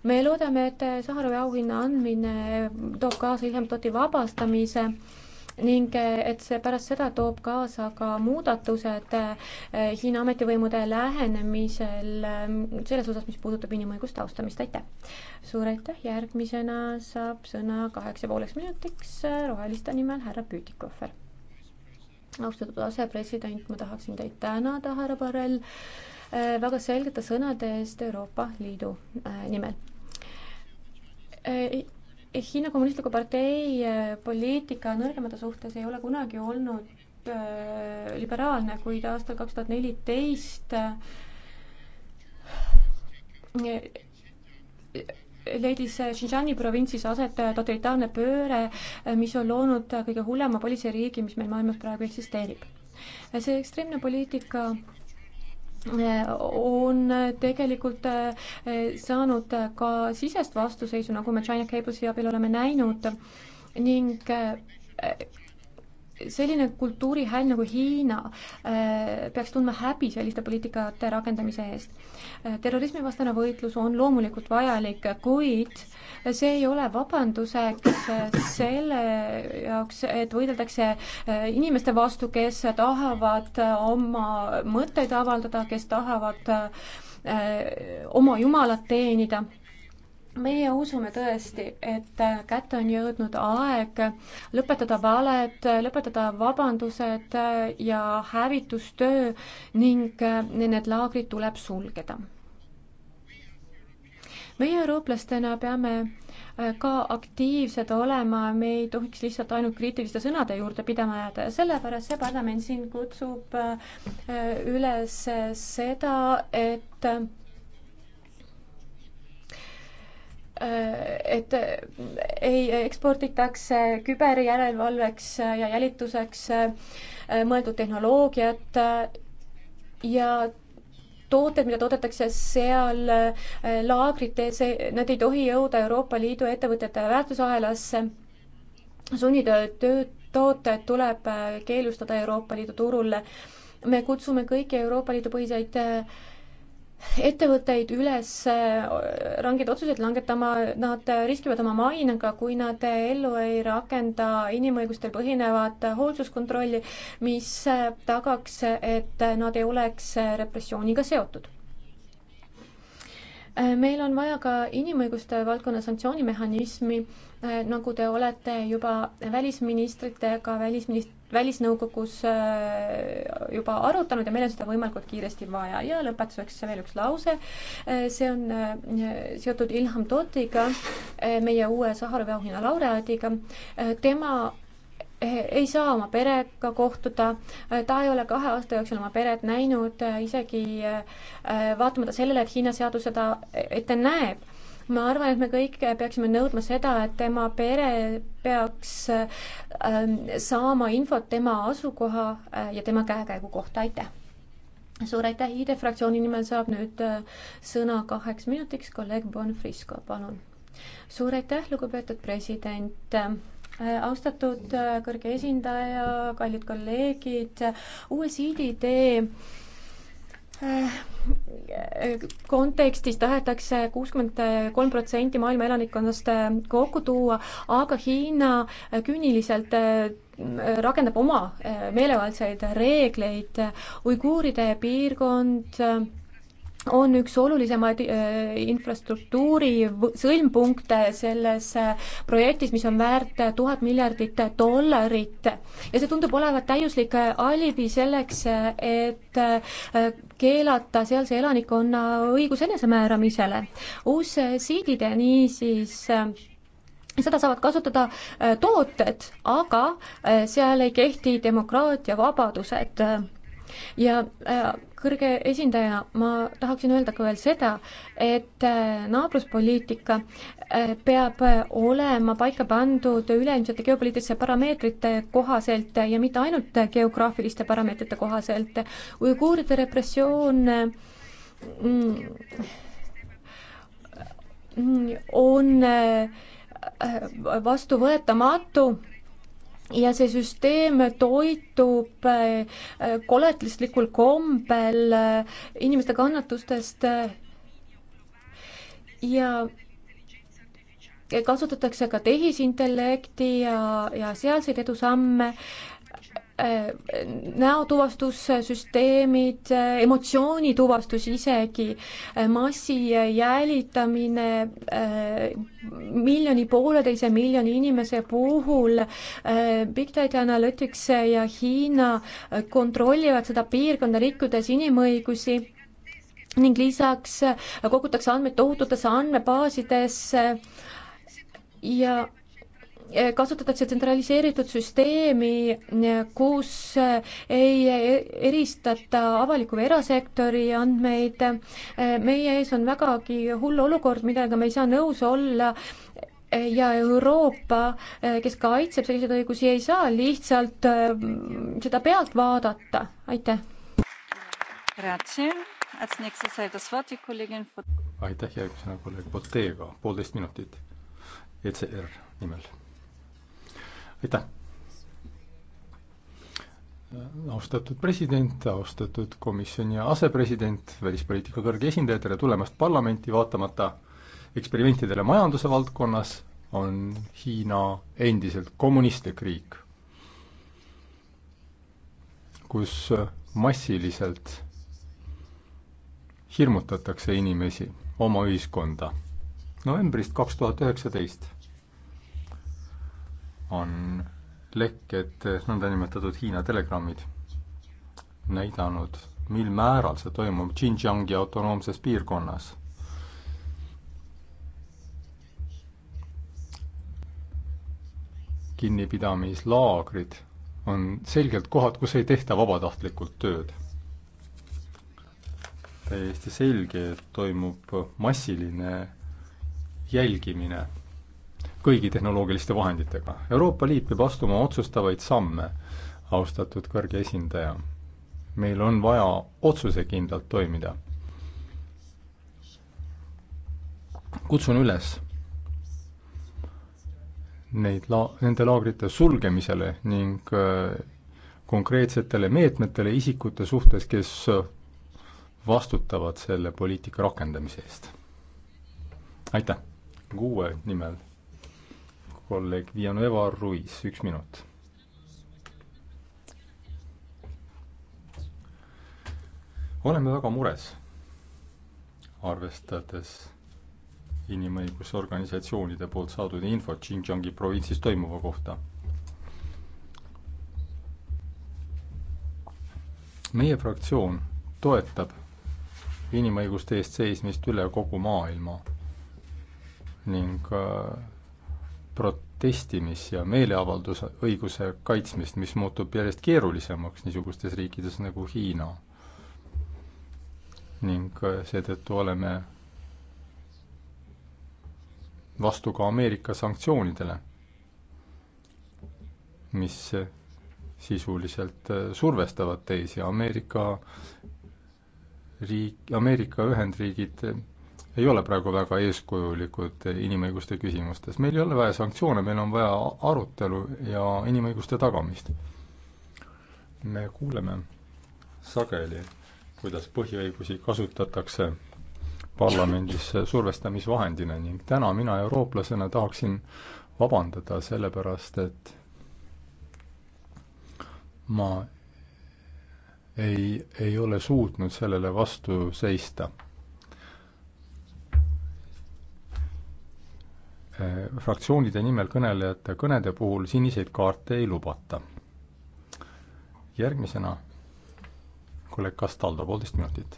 me loodame, et Saharovi auhinna andmine toob kaasa hiljem Toti vabastamise ning eh, et see pärast seda toob kaasa ka muudatused eh, Hiina ametivõimude lähenemisel ehm, selles osas, mis puudutab inimõiguste austamist, aitäh. suur aitäh, järgmisena saab sõna kaheksa pooleks minutiks eh, roheliste nimel härra Püütikohver. austatud asepresident, ma tahaksin teid tänada, härra Barrel, väga selgete sõnade eest Euroopa Liidu nimel Hiina Kommunistliku Partei äh, poliitika nõrgemate suhtes ei ole kunagi olnud äh, liberaalne, kuid aastal kaks tuhat neliteist äh, leidis Xinjiangi provintsis aset totalitaarne pööre, äh, mis on loonud kõige hullema politseiriigi, mis meil maailmas praegu eksisteerib. see ekstreemne poliitika on tegelikult eh, saanud ka sisest vastuseisu, nagu me China Cable'i abil oleme näinud ning eh, selline kultuurihäll nagu Hiina äh, peaks tundma häbi selliste poliitikate rakendamise eest. Äh, terrorismivastane võitlus on loomulikult vajalik, kuid see ei ole vabanduseks äh, selle jaoks, et võideldakse inimeste vastu, kes tahavad oma mõtteid avaldada, kes tahavad oma jumalat teenida meie usume tõesti, et kätte on jõudnud aeg lõpetada valed, lõpetada vabandused ja hävitustöö ning need laagrid tuleb sulgeda. meie eurooplastena peame ka aktiivsed olema, me ei tohiks lihtsalt ainult kriitiliste sõnade juurde pidama jääda ja sellepärast see parlament siin kutsub üles seda, et Äh, et äh, ei eksporditaks küberjärelevalveks ja jälituseks äh, mõeldud tehnoloogiat ja tooted, mida toodetakse seal laagrites, nad ei tohi jõuda Euroopa Liidu ettevõtete väärtusahelasse. sunnitöö tooted tuleb keelustada Euroopa Liidu turul. me kutsume kõiki Euroopa Liidu põhiseid ettevõtteid üles äh, rangeid otsuseid langetama, nad riskivad oma mainega, kui nad ellu ei rakenda inimõigustel põhinevat hoolsuskontrolli, mis äh, tagaks, et nad ei oleks äh, repressiooniga seotud Äh, meil on vaja ka inimõiguste valdkonna sanktsioonimehhanismi, äh, nagu te olete juba välisministritega välisminist-, välisnõukogus äh, juba arutanud ja meil on seda võimalikult kiiresti vaja. ja lõpetuseks veel üks lause, see on seotud Ilham Totiga, meie uue Saharovi auhinna laureaadiga. tema Eh, ei saa oma perega kohtuda, ta ei ole kahe aasta jooksul oma peret näinud, eh, isegi eh, vaatamata sellele, et Hiina seadus seda ette näeb ma arvan, et me kõik peaksime nõudma seda, et tema pere peaks saama infot tema asukoha ja tema käekäigu kohta, aitäh! suur aitäh, IDE fraktsiooni nimel saab nüüd sõna kaheks minutiks kolleeg Bonfrisco, palun! suur aitäh, lugupeetud president! Äh, austatud äh, kõrge esindaja, kallid kolleegid, USAID idee äh, kontekstis tahetakse kuuskümmend kolm protsenti maailma elanikkonnast kokku tuua, aga Hiina küüniliselt rakendab oma meelevaldseid reegleid. uiguuride piirkond on üks olulisemaid äh, infrastruktuuri sõlmpunkte selles äh, projektis, mis on väärt tuhat miljardit dollarit. ja see tundub olevat täiuslik äh, alibi selleks, et keelata sealse elanikkonna õigus enesemääramisele. uus siidide niisiis seda saavad kasutada tooted, aga seal ei kehti demokraatia vabadused ja kõrge esindaja, ma tahaksin öelda ka veel seda, et äh, naabruspoliitika äh, peab äh, olema paika pandud üleilmsete geopoliitiliste parameetrite kohaselt ja mitte ainult geograafiliste parameetrite kohaselt. uiguuride repressioon mm, mm, on vastuvõetamatu ja see süsteem toitub äh, koletislikul kombel äh, inimeste kannatustest äh, ja kasutatakse ka tehisintellekti ja, ja sealseid edusamme Äh, näotuvastussüsteemid, äh, emotsioonituvastus isegi, äh, massijälitamine miljoni, pooleteise miljoni inimese puhul, Big Data Analytics ja Hiina kontrollivad seda piirkonda, rikkudes inimõigusi ning lisaks kogutakse andmeid tohututesse andmebaasidesse ja Eh, kasutatakse tsentraliseeritud süsteemi, eh, kus eh, ei eristata avaliku või erasektori andmeid. meie ees on vägagi hull olukord, millega me ei saa nõus olla ja Euroopa, kes kaitseb selliseid õigusi, ei saa lihtsalt seda pealt vaadata, aitäh. aitäh, järgmisena kolleeg Botega, poolteist minutit ECR nimel aitäh! austatud president, austatud komisjoni asepresident, välispoliitika kõrge esindaja, tere tulemast parlamenti, vaatamata eksperimentidele majanduse valdkonnas on Hiina endiselt kommunistlik riik, kus massiliselt hirmutatakse inimesi, oma ühiskonda. novembrist kaks tuhat üheksateist on lekked, nõndanimetatud Hiina telegrammid näidanud, mil määral see toimub Xinjiangi autonoomses piirkonnas kinnipidamislaagrid on selgelt kohad, kus ei tehta vabatahtlikult tööd. täiesti selge, et toimub massiline jälgimine kõigi tehnoloogiliste vahenditega. Euroopa Liit peab astuma otsustavaid samme, austatud kõrge esindaja. meil on vaja otsusekindlalt toimida. kutsun üles neid la-, nende laagrite sulgemisele ning äh, konkreetsetele meetmetele isikute suhtes, kes vastutavad selle poliitika rakendamise eest. aitäh! Kuue nimel kolleeg Villanueva Ruiz, üks minut. oleme väga mures, arvestades inimõigusorganisatsioonide poolt saadud infot Xinjiangi provintsis toimuva kohta. meie fraktsioon toetab inimõiguste eest seismist üle kogu maailma ning äh, protestimis- ja meeleavaldusõiguse kaitsmist, mis muutub järjest keerulisemaks niisugustes riikides nagu Hiina. ning äh, seetõttu oleme vastu ka Ameerika sanktsioonidele, mis sisuliselt äh, survestavad teisi, Ameerika riik, Ameerika Ühendriigid ei ole praegu väga eeskujulikud inimõiguste küsimustes. meil ei ole vaja sanktsioone, meil on vaja arutelu ja inimõiguste tagamist. me kuuleme sageli, kuidas põhiõigusi kasutatakse parlamendis survestamisvahendina ning täna mina eurooplasena tahaksin vabandada selle pärast, et ma ei, ei ole suutnud sellele vastu seista fraktsioonide nimel kõnelejate kõnede puhul siniseid kaarte ei lubata. järgmisena kolleeg Castaldo, poolteist minutit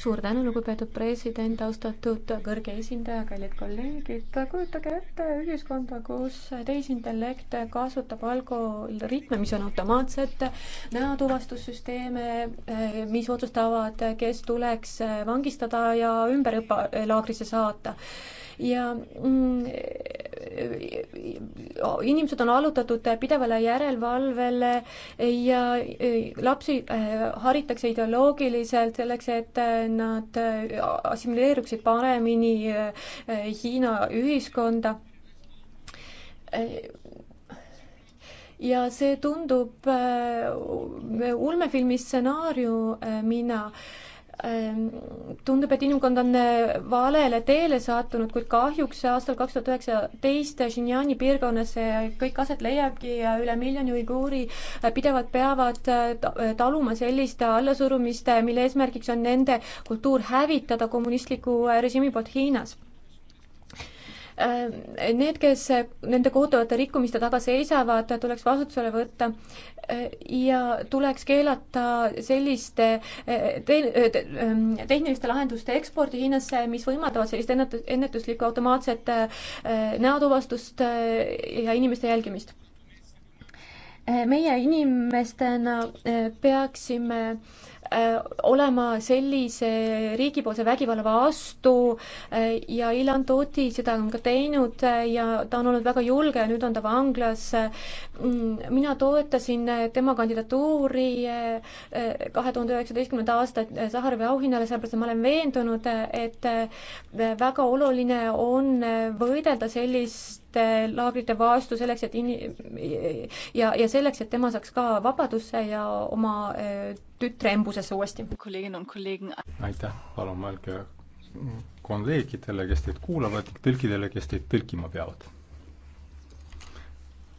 suur tänu, lugupeetud president, austatud kõrge esindaja, kallid kolleegid. kujutage ette ühiskonda, kus tehisintellekt kasutab algoritme, mis on automaatsed, näotuvastussüsteeme, mis otsustavad, kes tuleks vangistada ja ümberõppelaagrisse saata ja mm, inimesed on allutatud pidevale järelevalvele ja äh, lapsi äh, haritakse ideoloogiliselt selleks, et äh, nad assimileeruksid paremini Hiina ühiskonda ja see tundub ulmefilmi stsenaariumina äh, Ehm, tundub, et inimkond on eh, valele teele sattunud, kuid kahjuks aastal kaks tuhat üheksateist Xinjiani piirkonnas see eh, kõik aset leiabki ja üle miljoni uiguuri eh, pidevalt peavad taluma sellist allasurumist, mille eesmärgiks on nende kultuur hävitada kommunistliku režiimi poolt Hiinas Äh, need, kes nende kohutavate rikkumiste taga seisavad, tuleks vastutusele võtta äh, ja tuleks keelata selliste äh, te-, ähm, tehniliste lahenduste ekspordi Hiinasse, mis võimaldavad sellist ennet-, ennetuslikku automaatset näotuvastust ja inimeste jälgimist meie inimestena äh, peaksime äh, olema sellise riigipoolse vägivalla vastu äh, ja Ilan Tooti seda on ka teinud ja ta on olnud väga julge ja nüüd on ta vanglas. Mm, mina toetasin tema kandidatuuri kahe tuhande üheksateistkümnenda aasta Saharovi auhinnale, sellepärast et ma olen veendunud, et väga oluline on võidelda sellist laagrite vastu, selleks et in-, ja, ja selleks, et tema saaks ka vabadusse ja oma äh, tütre embusesse uuesti. aitäh, palun mõelge kolleegidele, kes teid kuulavad, tõlkidele, kes teid tõlkima peavad.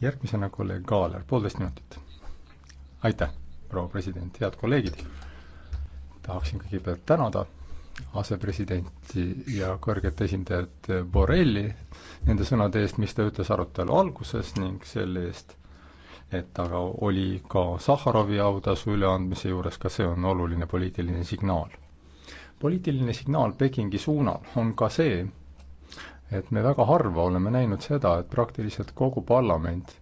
järgmisena kolleeg Kaaler, poolteist minutit. aitäh, proua president, head kolleegid! tahaksin kõigepealt tänada asepresidenti ja kõrget esindajat Borrelli nende sõnade eest, mis ta ütles arutelu alguses ning selle eest, et aga oli ka Sahharovi autasu üleandmise juures, ka see on oluline poliitiline signaal. poliitiline signaal Pekingi suunal on ka see, et me väga harva oleme näinud seda, et praktiliselt kogu parlament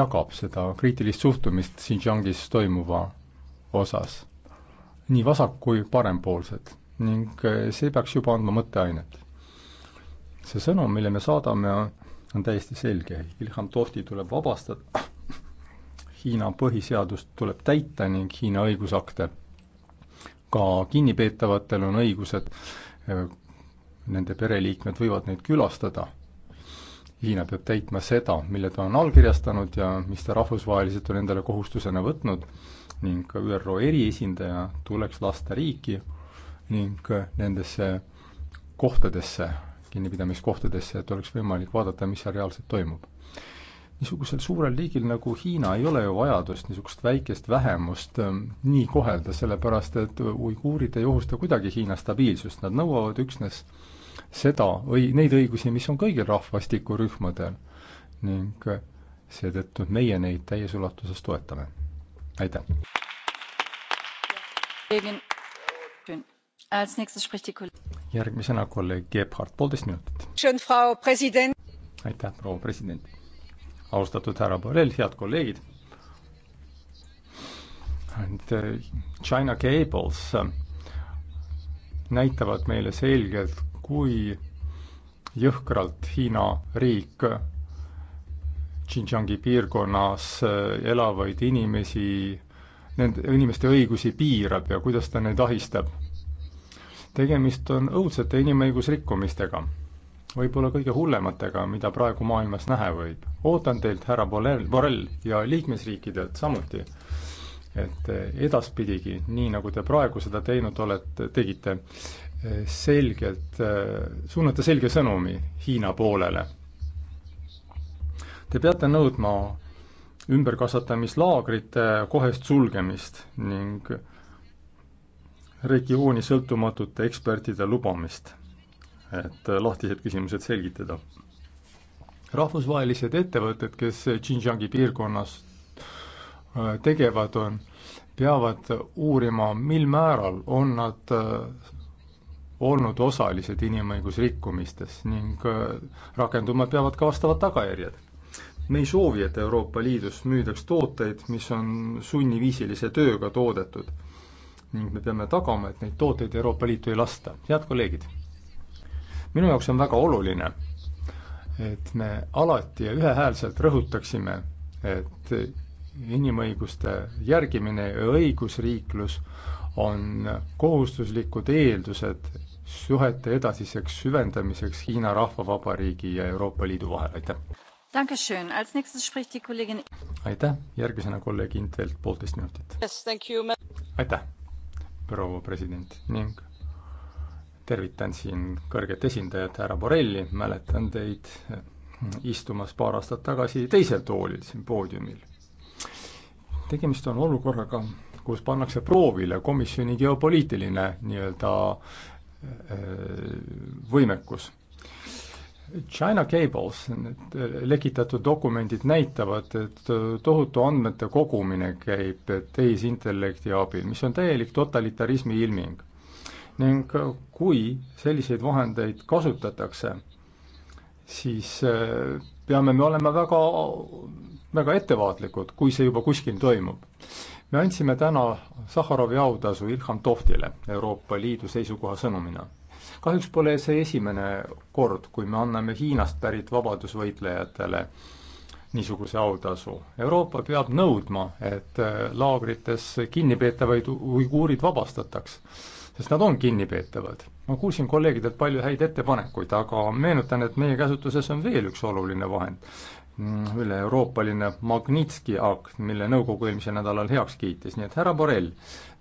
jagab seda kriitilist suhtumist Xinjiangis toimuva osas nii vasak- kui parempoolsed ning eh, see peaks juba andma mõtteainet. see sõnum, mille me saadame, on täiesti selge, Ilham Tohti tuleb vabastada, Hiina põhiseadust tuleb täita ning Hiina õigusakte. ka kinnipeetavatel on õigused, eh, nende pereliikmed võivad neid külastada. Hiina peab täitma seda, mille ta on allkirjastanud ja mis ta rahvusvaheliselt on endale kohustusena võtnud ning ÜRO eriesindaja tuleks lasta riiki ning nendesse kohtadesse, kinnipidamiskohtadesse, et oleks võimalik vaadata, mis seal reaalselt toimub. niisugusel suurel riigil nagu Hiina ei ole ju vajadust niisugust väikest vähemust ähm, nii kohelda, sellepärast et uiguurid ei ohusta kuidagi Hiina stabiilsust, nad nõuavad üksnes seda või neid õigusi, mis on kõigil rahvastikurühmadel ning äh, seetõttu meie neid täies ulatuses toetame aitäh. järgmisena kolleeg Gebhard, poolteist minutit. aitäh, proua president. austatud härra Borrell, head kolleegid. Uh, China Cables uh, näitavad meile selgelt, kui jõhkralt Hiina riik Xinjiangi piirkonnas eh, elavaid inimesi, nende inimeste õigusi piirab ja kuidas ta neid ahistab. tegemist on õudsete inimõigusrikkumistega, võib-olla kõige hullematega, mida praegu maailmas näha võib. ootan teilt, härra Borrell, Borrell ja liikmesriikidelt samuti, et eh, edaspidigi, nii nagu te praegu seda teinud olete, tegite, eh, selgelt, suunata selge sõnumi Hiina poolele Te peate nõudma ümberkasvatamislaagrite kohest sulgemist ning regiooni sõltumatute ekspertide lubamist, et lahtised küsimused selgitada. rahvusvahelised ettevõtted, kes Xinjiangi piirkonnas äh, tegevad on, peavad uurima, mil määral on nad äh, olnud osalised inimõigusrikkumistes ning äh, rakenduma peavad ka vastavad tagajärjed me ei soovi, et Euroopa Liidus müüdaks tooteid, mis on sunniviisilise tööga toodetud. ning me peame tagama, et neid tooteid Euroopa Liitu ei lasta. head kolleegid, minu jaoks on väga oluline, et me alati ja ühehäälselt rõhutaksime, et inimõiguste järgimine ja õigusriiklus on kohustuslikud eeldused suhete edasiseks süvendamiseks Hiina Rahvavabariigi ja Euroopa Liidu vahel, aitäh! aitäh, järgmisena kolleeg Intelt poolteist minutit yes,. aitäh, proua president ning tervitan siin kõrget esindajat, härra Borrelli, mäletan teid eh, istumas paar aastat tagasi teisel toolil siin poodiumil. tegemist on olukorraga, kus pannakse proovile komisjoni geopoliitiline nii-öelda eh, võimekus China Cables, need äh, lekitatud dokumendid näitavad, et äh, tohutu andmete kogumine käib äh, tehisintellekti abil, mis on täielik totalitarismi ilming. ning kui selliseid vahendeid kasutatakse, siis peame me olema väga, väga ettevaatlikud, kui see juba kuskil toimub. me andsime täna Sahharovi autasu Ilham Tohtile Euroopa Liidu seisukoha sõnumina kahjuks pole see esimene kord, kui me anname Hiinast pärit vabadusvõitlejatele niisuguse autasu. Euroopa peab nõudma, et äh, laagrites kinnipeetavaid uiguurid vabastataks, sest nad on kinnipeetavad. ma kuulsin kolleegidelt palju häid ettepanekuid, aga meenutan, et meie käsutuses on veel üks oluline vahend, mm, üle-euroopaline Magnitski akt, mille nõukogu eelmisel nädalal heaks kiitis, nii et härra Borrell,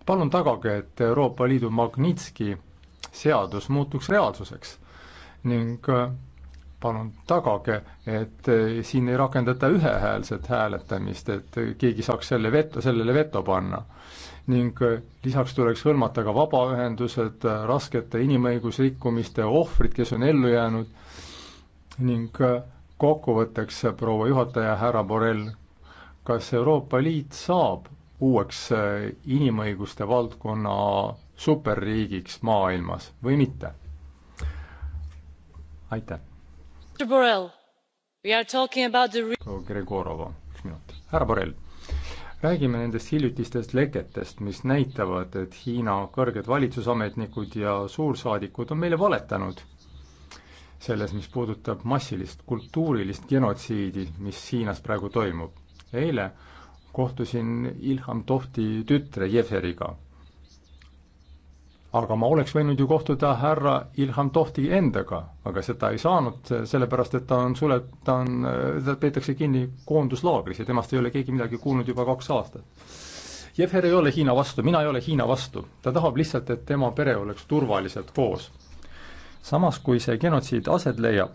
palun tagage, et Euroopa Liidu Magnitski seadus muutuks reaalsuseks ning äh, palun tagage, et äh, siin ei rakendata ühehäälset hääletamist, et keegi saaks selle veto, sellele veto panna. ning äh, lisaks tuleks hõlmata ka vabaühendused, raskete inimõigusrikkumiste ohvrid, kes on ellu jäänud ning kokkuvõtteks, proua juhataja, härra Borrell, kas Euroopa Liit saab uueks inimõiguste valdkonna superriigiks maailmas või mitte. aitäh. proua Gregorova, üks minut. härra Borrell, räägime nendest hiljutistest leketest, mis näitavad, et Hiina kõrged valitsusametnikud ja suursaadikud on meile valetanud selles, mis puudutab massilist kultuurilist genotsiidi, mis Hiinas praegu toimub. eile kohtusin Ilham Tohti tütre Jeferiga aga ma oleks võinud ju kohtuda härra Ilham Tohti endaga, aga seda ei saanud, sellepärast et ta on sule-, ta on, teda peetakse kinni koonduslaagris ja temast ei ole keegi midagi kuulnud juba kaks aastat. Jevher ei ole Hiina vastu, mina ei ole Hiina vastu, ta tahab lihtsalt, et tema pere oleks turvaliselt koos. samas, kui see genotsiid aset leiab,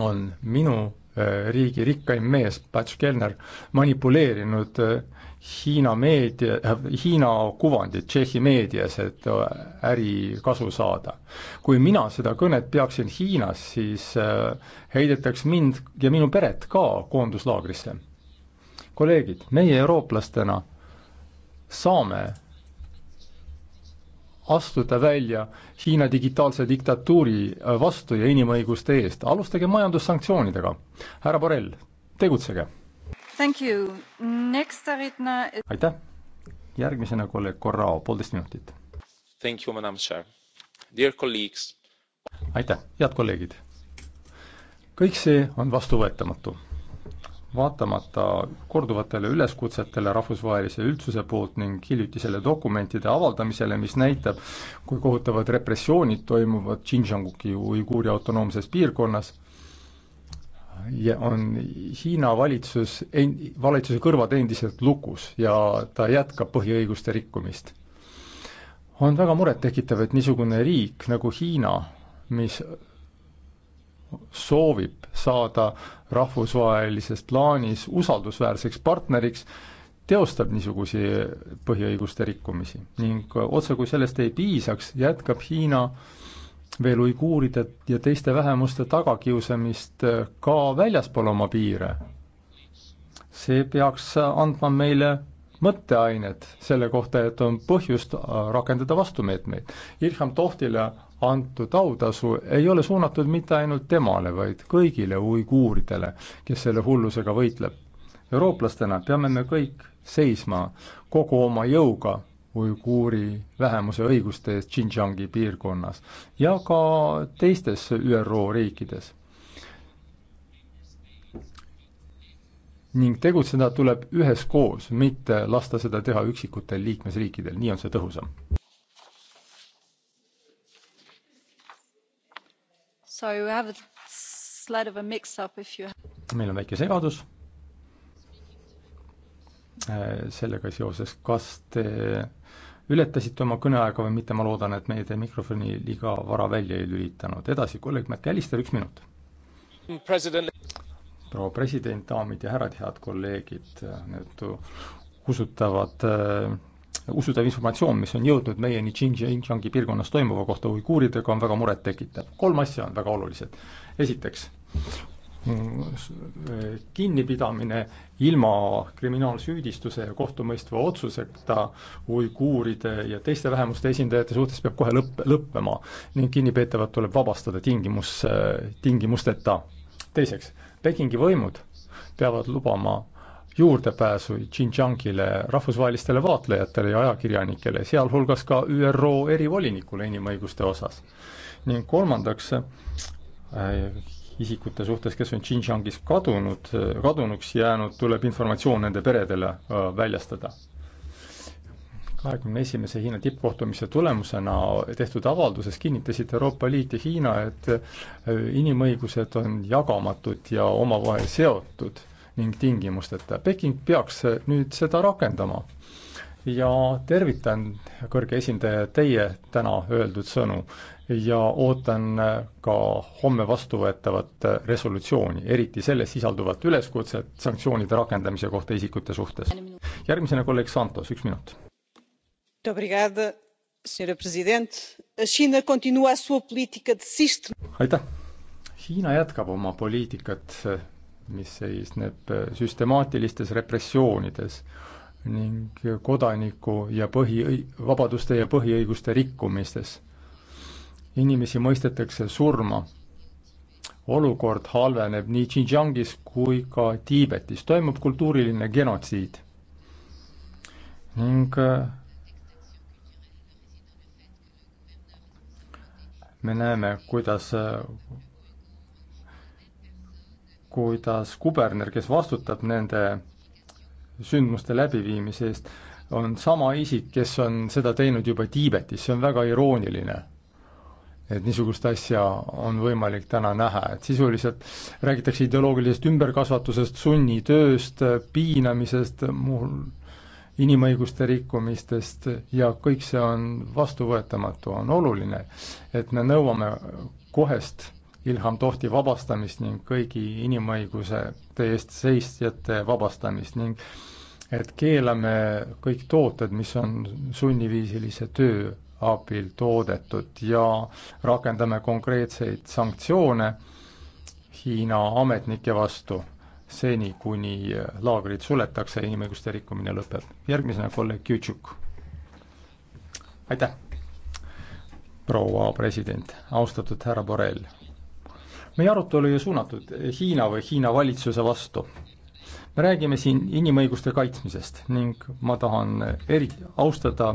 on minu eh, riigi rikkaim mees, Pats Kellner, manipuleerinud eh, Hiina meedia, äh, Hiina kuvandit Tšehhi meedias, et äh, ärikasu saada. kui mina seda kõnet peaksin Hiinas, siis äh, heidetaks mind ja minu peret ka koonduslaagrisse. kolleegid, meie eurooplastena saame astuda välja Hiina digitaalse diktatuuri vastu ja inimõiguste eest, alustage majandussanktsioonidega. härra Borrell, tegutsege aitäh, järgmisena kolleeg Corrao, poolteist minutit. aitäh, head kolleegid. kõik see on vastuvõetamatu vaatamata korduvatele üleskutsetele rahvusvahelise üldsuse poolt ning hiljutisele dokumentide avaldamisele, mis näitab, kui kohutavad repressioonid toimuvad Xinjiangi uiguuri autonoomses piirkonnas, ja on Hiina valitsus en-, valitsuse kõrvad endiselt lukus ja ta jätkab põhiõiguste rikkumist. on väga murettekitav, et niisugune riik nagu Hiina, mis soovib saada rahvusvahelises plaanis usaldusväärseks partneriks, teostab niisugusi põhiõiguste rikkumisi ning otse kui sellest ei piisaks, jätkab Hiina äh, veel uiguuride ja teiste vähemuste tagakiusamist ka väljaspool oma piire. see peaks andma meile mõtteainet selle kohta, et on põhjust äh, rakendada vastumeetmeid. Ilham Tohtile antud autasu ei ole suunatud mitte ainult temale, vaid kõigile uiguuridele, kes selle hullusega võitleb. eurooplastena peame me kõik seisma kogu oma jõuga uiguuri vähemuse õiguste eest Xinjiangi piirkonnas ja ka teistes ÜRO riikides. ning tegutseda tuleb üheskoos, mitte lasta seda teha üksikutel liikmesriikidel, nii on see tõhusam. So you have a slight of a mix-up if you meil on väike segadus Äh, sellega seoses, kas te ületasite oma kõneaega või mitte, ma loodan, et meie teie mikrofoni liiga vara välja ei lülitanud. edasi, kolleeg McAllister, üks minut. proua president, daamid ja härrad, head kolleegid, need usutavad uh,, usutav informatsioon, mis on jõudnud meieni Xinjiangi piirkonnas toimuva kohta uiguuridega, on väga murettekitav. kolm asja on väga olulised. esiteks, kinnipidamine ilma kriminaalsüüdistuse ja kohtumõistva otsuseta uiguuride ja teiste vähemuste esindajate suhtes peab kohe lõpp, lõppema ning kinnipeetavad tuleb vabastada tingimus, tingimusteta. teiseks, Pekingi võimud peavad lubama juurdepääsu Xinjiangile rahvusvahelistele vaatlejatele ja ajakirjanikele, sealhulgas ka ÜRO erivolinikule inimõiguste osas. ning kolmandaks, isikute suhtes, kes on Xinjiangis kadunud, kadunuks jäänud, tuleb informatsioon nende peredele äh, väljastada. kahekümne esimese Hiina tippkohtumise tulemusena tehtud avalduses kinnitasid Euroopa Liit ja Hiina, et äh, inimõigused on jagamatud ja omavahel seotud ning tingimusteta. Peking peaks äh, nüüd seda rakendama. ja tervitan, kõrge esindaja, teie täna öeldud sõnu ja ootan ka homme vastuvõetavat resolutsiooni, eriti selles sisalduvat üleskutset sanktsioonide rakendamise kohta isikute suhtes. järgmisena kolleeg Santos, üks minut. aitäh. Hiina jätkab oma poliitikat, mis seisneb süstemaatilistes repressioonides ning kodaniku ja põhi, vabaduste ja põhiõiguste rikkumistes inimesi mõistetakse surma. olukord halveneb nii Xinjiangis kui ka Tiibetis, toimub kultuuriline genotsiid. ning äh, me näeme, kuidas äh, kuidas kuberner, kes vastutab nende sündmuste läbiviimise eest, on sama isik, kes on seda teinud juba Tiibetis, see on väga irooniline et niisugust asja on võimalik täna näha, et sisuliselt räägitakse ideoloogilisest ümberkasvatusest, sunnitööst, piinamisest, muul inimõiguste rikkumistest ja kõik see on vastuvõetamatu, on oluline, et me nõuame kohest Ilham Tohti vabastamist ning kõigi inimõiguse eest seisjate vabastamist ning et keelame kõik tooted, mis on sunniviisilise töö abil toodetud ja rakendame konkreetseid sanktsioone Hiina ametnike vastu seni, kuni laagrid suletakse ja inimõiguste rikkumine lõpeb. järgmisena kolleeg Kütšuk. aitäh, proua president, austatud härra Borrell. meie arutelu oli suunatud Hiina või Hiina valitsuse vastu. me räägime siin inimõiguste kaitsmisest ning ma tahan eriti austada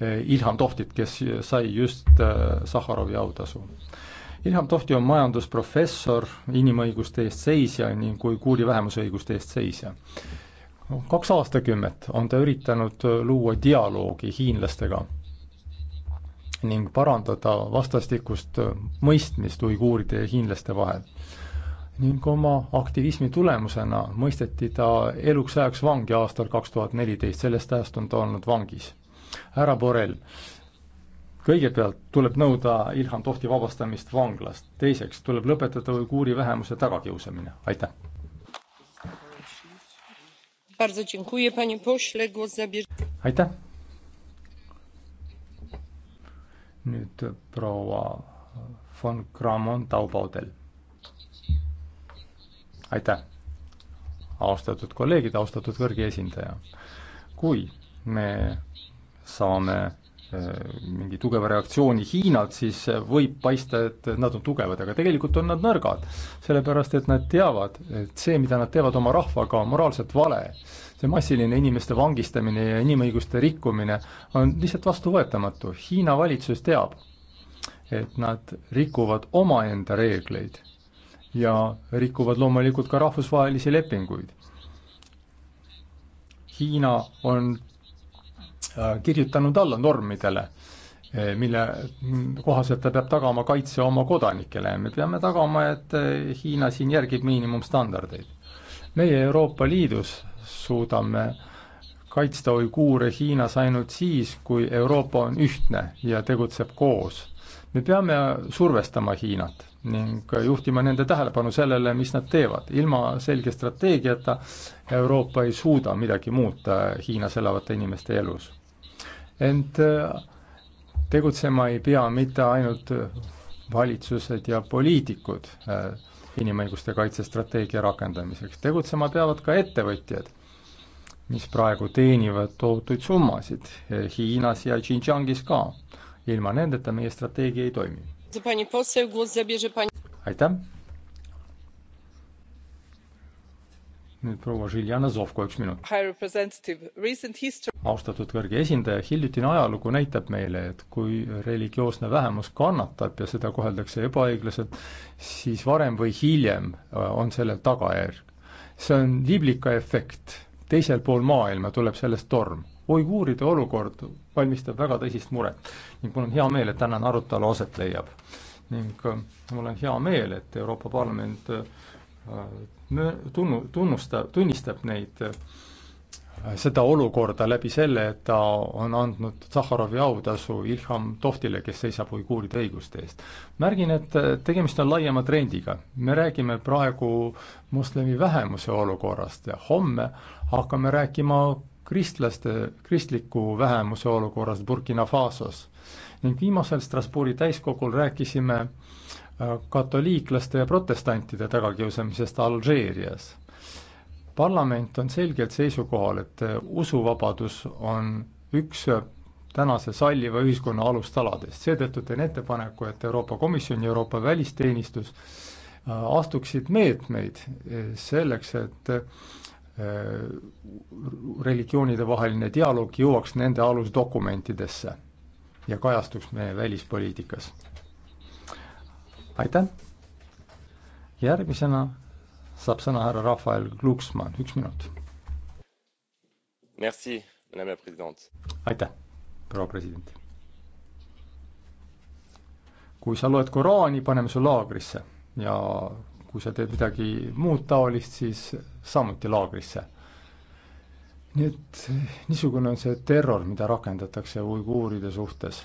Eh, Ilham Tohtit, kes sai just eh, Sahharovi autasu. Ilham Tohti on majandusprofessor, inimõiguste eest seisja ning uiguuri vähemusõiguste eest seisja. kaks aastakümmet on ta üritanud luua dialoogi hiinlastega ning parandada vastastikust mõistmist uiguuride ja hiinlaste vahel ning oma aktivismi tulemusena mõisteti ta eluks ajaks vangi aastal kaks tuhat neliteist, sellest ajast on ta olnud vangis härra Borrell, kõigepealt tuleb nõuda Ilham Tohti vabastamist vanglast, teiseks tuleb lõpetada uiguuri vähemuse tagakiusamine, aitäh. aitäh. nüüd proua von Kramon Taubaudel. aitäh, austatud kolleegid, austatud kõrge esindaja. kui me saame äh, mingi tugeva reaktsiooni Hiinalt, siis äh, võib paista, et nad on tugevad, aga tegelikult on nad nõrgad. sellepärast, et nad teavad, et see, mida nad teevad oma rahvaga, on moraalselt vale. see massiline inimeste vangistamine ja inimõiguste rikkumine on lihtsalt vastuvõetamatu. Hiina valitsus teab, et nad rikuvad omaenda reegleid ja rikuvad loomulikult ka rahvusvahelisi lepinguid. Hiina on Äh, kirjutanud alla normidele, eh, mille kohaselt ta peab tagama kaitse oma kodanikele ja me peame tagama, et eh, Hiina siin järgib miinimumstandardeid. meie Euroopa Liidus suudame kaitsta uiguure Hiinas ainult siis, kui Euroopa on ühtne ja tegutseb koos me peame survestama Hiinat ning juhtima nende tähelepanu sellele, mis nad teevad. ilma selge strateegiata Euroopa ei suuda midagi muuta Hiinas elavate inimeste elus. ent äh, tegutsema ei pea mitte ainult valitsused ja poliitikud äh, inimõiguste kaitsestrateegia rakendamiseks, tegutsema peavad ka ettevõtjad, mis praegu teenivad tohutuid summasid Hiinas ja Xinjiangis ka ilma nendeta meie strateegia ei toimi. aitäh! nüüd proua Žiljana Zovko, üks minut. austatud kõrge esindaja, hiljutine ajalugu näitab meile, et kui religioosne vähemus kannatab ja seda koheldakse ebaõiglaselt, siis varem või hiljem äh, on sellel tagajärg. see on liblika efekt, teisel pool maailma tuleb sellest torm uiguuride olukord valmistab väga tõsist muret ning mul on hea meel, et tänane arutelu aset leiab. ning äh, mul on hea meel, et Euroopa Parlament äh, tunnu-, tunnustab, tunnistab neid, äh, seda olukorda läbi selle, et ta on andnud Sahharovi autasu Ilham Tohtile, kes seisab uiguuride õiguste eest. märgin, et tegemist on laiema trendiga. me räägime praegu moslemi vähemuse olukorrast ja homme hakkame rääkima kristlaste, kristliku vähemuse olukorrast Burkina Fasos ning viimasel Strasbourgi täiskogul rääkisime äh, katoliiklaste ja protestantide tagakiusamisest Alžeerias. parlament on selgelt seisukohal, et äh, usuvabadus on üks äh, tänase salliva ühiskonna alustaladest, seetõttu teen ettepaneku, et Euroopa Komisjon ja Euroopa Välisteenistus astuksid meetmeid selleks, et Äh, religioonide vaheline dialoog jõuaks nende alusdokumentidesse ja kajastuks meie välispoliitikas. aitäh! järgmisena saab sõna härra Rafael Glucksmann, üks minut. aitäh, proua president. kui sa loed Koraani, paneme su laagrisse ja kui sa teed midagi muud taolist, siis samuti laagrisse. nii et niisugune on see terror, mida rakendatakse uiguuride suhtes.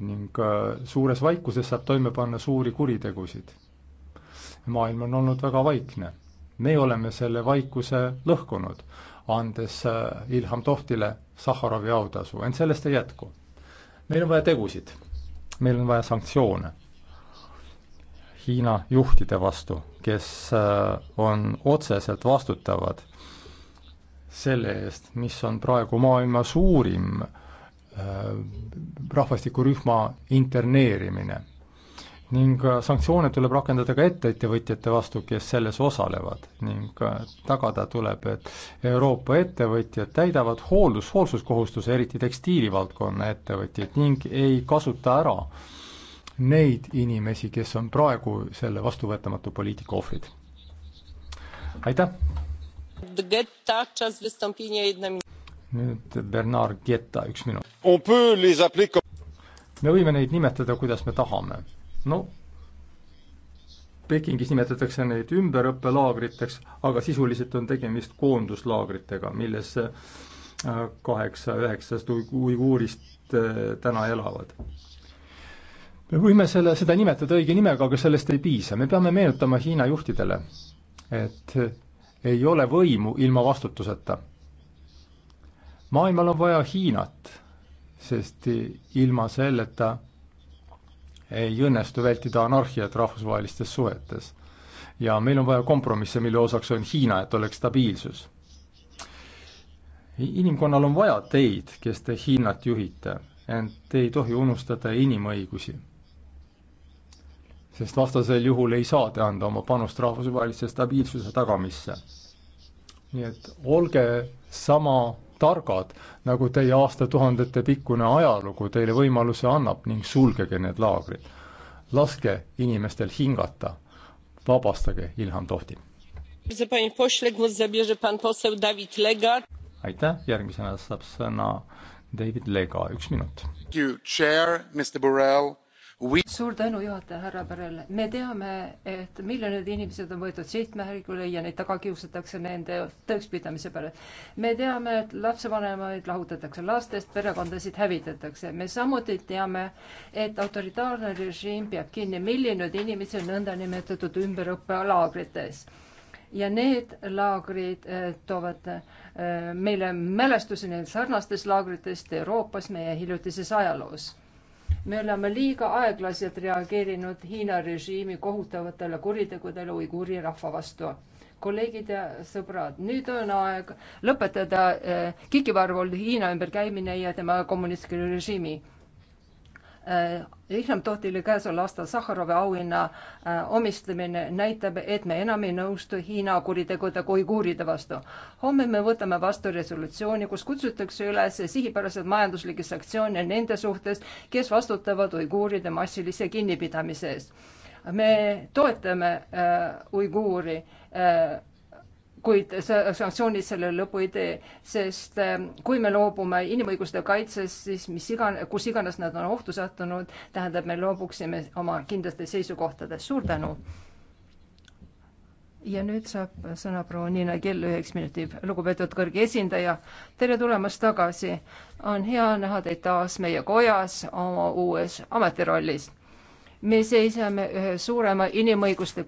ning äh, suures vaikuses saab toime panna suuri kuritegusid. maailm on olnud väga vaikne. me oleme selle vaikuse lõhkunud, andes äh, Ilham Tohtile Sahharovi autasu, ent sellest ei jätku. meil on vaja tegusid, meil on vaja sanktsioone Hiina juhtide vastu, kes äh, on otseselt vastutavad selle eest, mis on praegu maailma suurim äh, rahvastikurühma interneerimine. ning äh, sanktsioone tuleb rakendada ka ettevõtjate vastu, kes selles osalevad ning tagada tuleb, et Euroopa ettevõtjad täidavad hooldus, hoolsuskohustuse, eriti tekstiilivaldkonna ettevõtjaid, ning ei kasuta ära äh, neid inimesi, kes on praegu selle vastuvõetamatu poliitika ohvrid. aitäh! nüüd Bernard Guetta, üks minut. me võime neid nimetada, kuidas me tahame. no Pekingis nimetatakse neid ümberõppelaagriteks, aga sisuliselt on tegemist koonduslaagritega, milles äh, kaheksa-üheksast uiguurist äh, täna elavad me võime selle, seda nimetada õige nimega, aga sellest ei piisa, me peame meenutama Hiina juhtidele, et ei ole võimu ilma vastutuseta. maailmal on vaja Hiinat, sest ilma selleta ei õnnestu vältida anarhiat rahvusvahelistes suhetes. ja meil on vaja kompromisse, mille osaks on Hiina, et oleks stabiilsus. inimkonnal on vaja teid, kes te Hiinat juhite, ent te ei tohi unustada inimõigusi sest vastasel juhul ei saa te anda oma panust rahvusvahelise stabiilsuse tagamisse. nii et olge sama targad, nagu teie aastatuhandete pikkune ajalugu teile võimaluse annab ning sulgege need laagrid. laske inimestel hingata, vabastage Ilham Tohti. aitäh, järgmisena saab sõna David Lega, üks minut. We... suur tänu, juhataja härra Pärel. me teame, et miljonid inimesed on võetud sihtmärgile ja neid taga kiusatakse nende tõekspidamise peale. me teame, et lapsevanemaid lahutatakse lastest, perekondasid hävitatakse. me samuti teame, et autoritaarne režiim peab kinni miljoneid inimesi nõndanimetatud ümberõppelaagrites ja need laagrid eh, toovad eh, meile mälestuseni sarnastest laagritest Euroopas meie hiljutises ajaloos me oleme liiga aeglaselt reageerinud Hiina režiimi kohutavatele kuritegudele uiguuri rahva vastu. kolleegid ja sõbrad, nüüd on aeg lõpetada eh, kikivarvul Hiina ümberkäimine ja tema kommunistliku režiimi Äh, hiljem toodi üle käesoleval aastal Sahharovi auhinna äh, omistamine näitab, et me enam ei nõustu Hiina kuritegude uiguuride vastu. homme me võtame vastu resolutsiooni, kus kutsutakse üles sihipäraseid majanduslikke sanktsioone nende suhtes, kes vastutavad uiguuride massilise kinnipidamise eest. me toetame äh, uiguuri äh, kuid sanktsioonid selle lõpu ei tee, sest ähm, kui me loobume inimõiguste kaitsest, siis mis iganes, kus iganes nad on ohtu sattunud, tähendab, me loobuksime oma kindlate seisukohtade. suur tänu. ja nüüd saab sõna proua Niina Kell üheks minutiks. lugupeetud kõrge esindaja, tere tulemast tagasi. on hea näha teid taas meie kojas oma uues ametirollis me seisame ühe suurema inimõiguste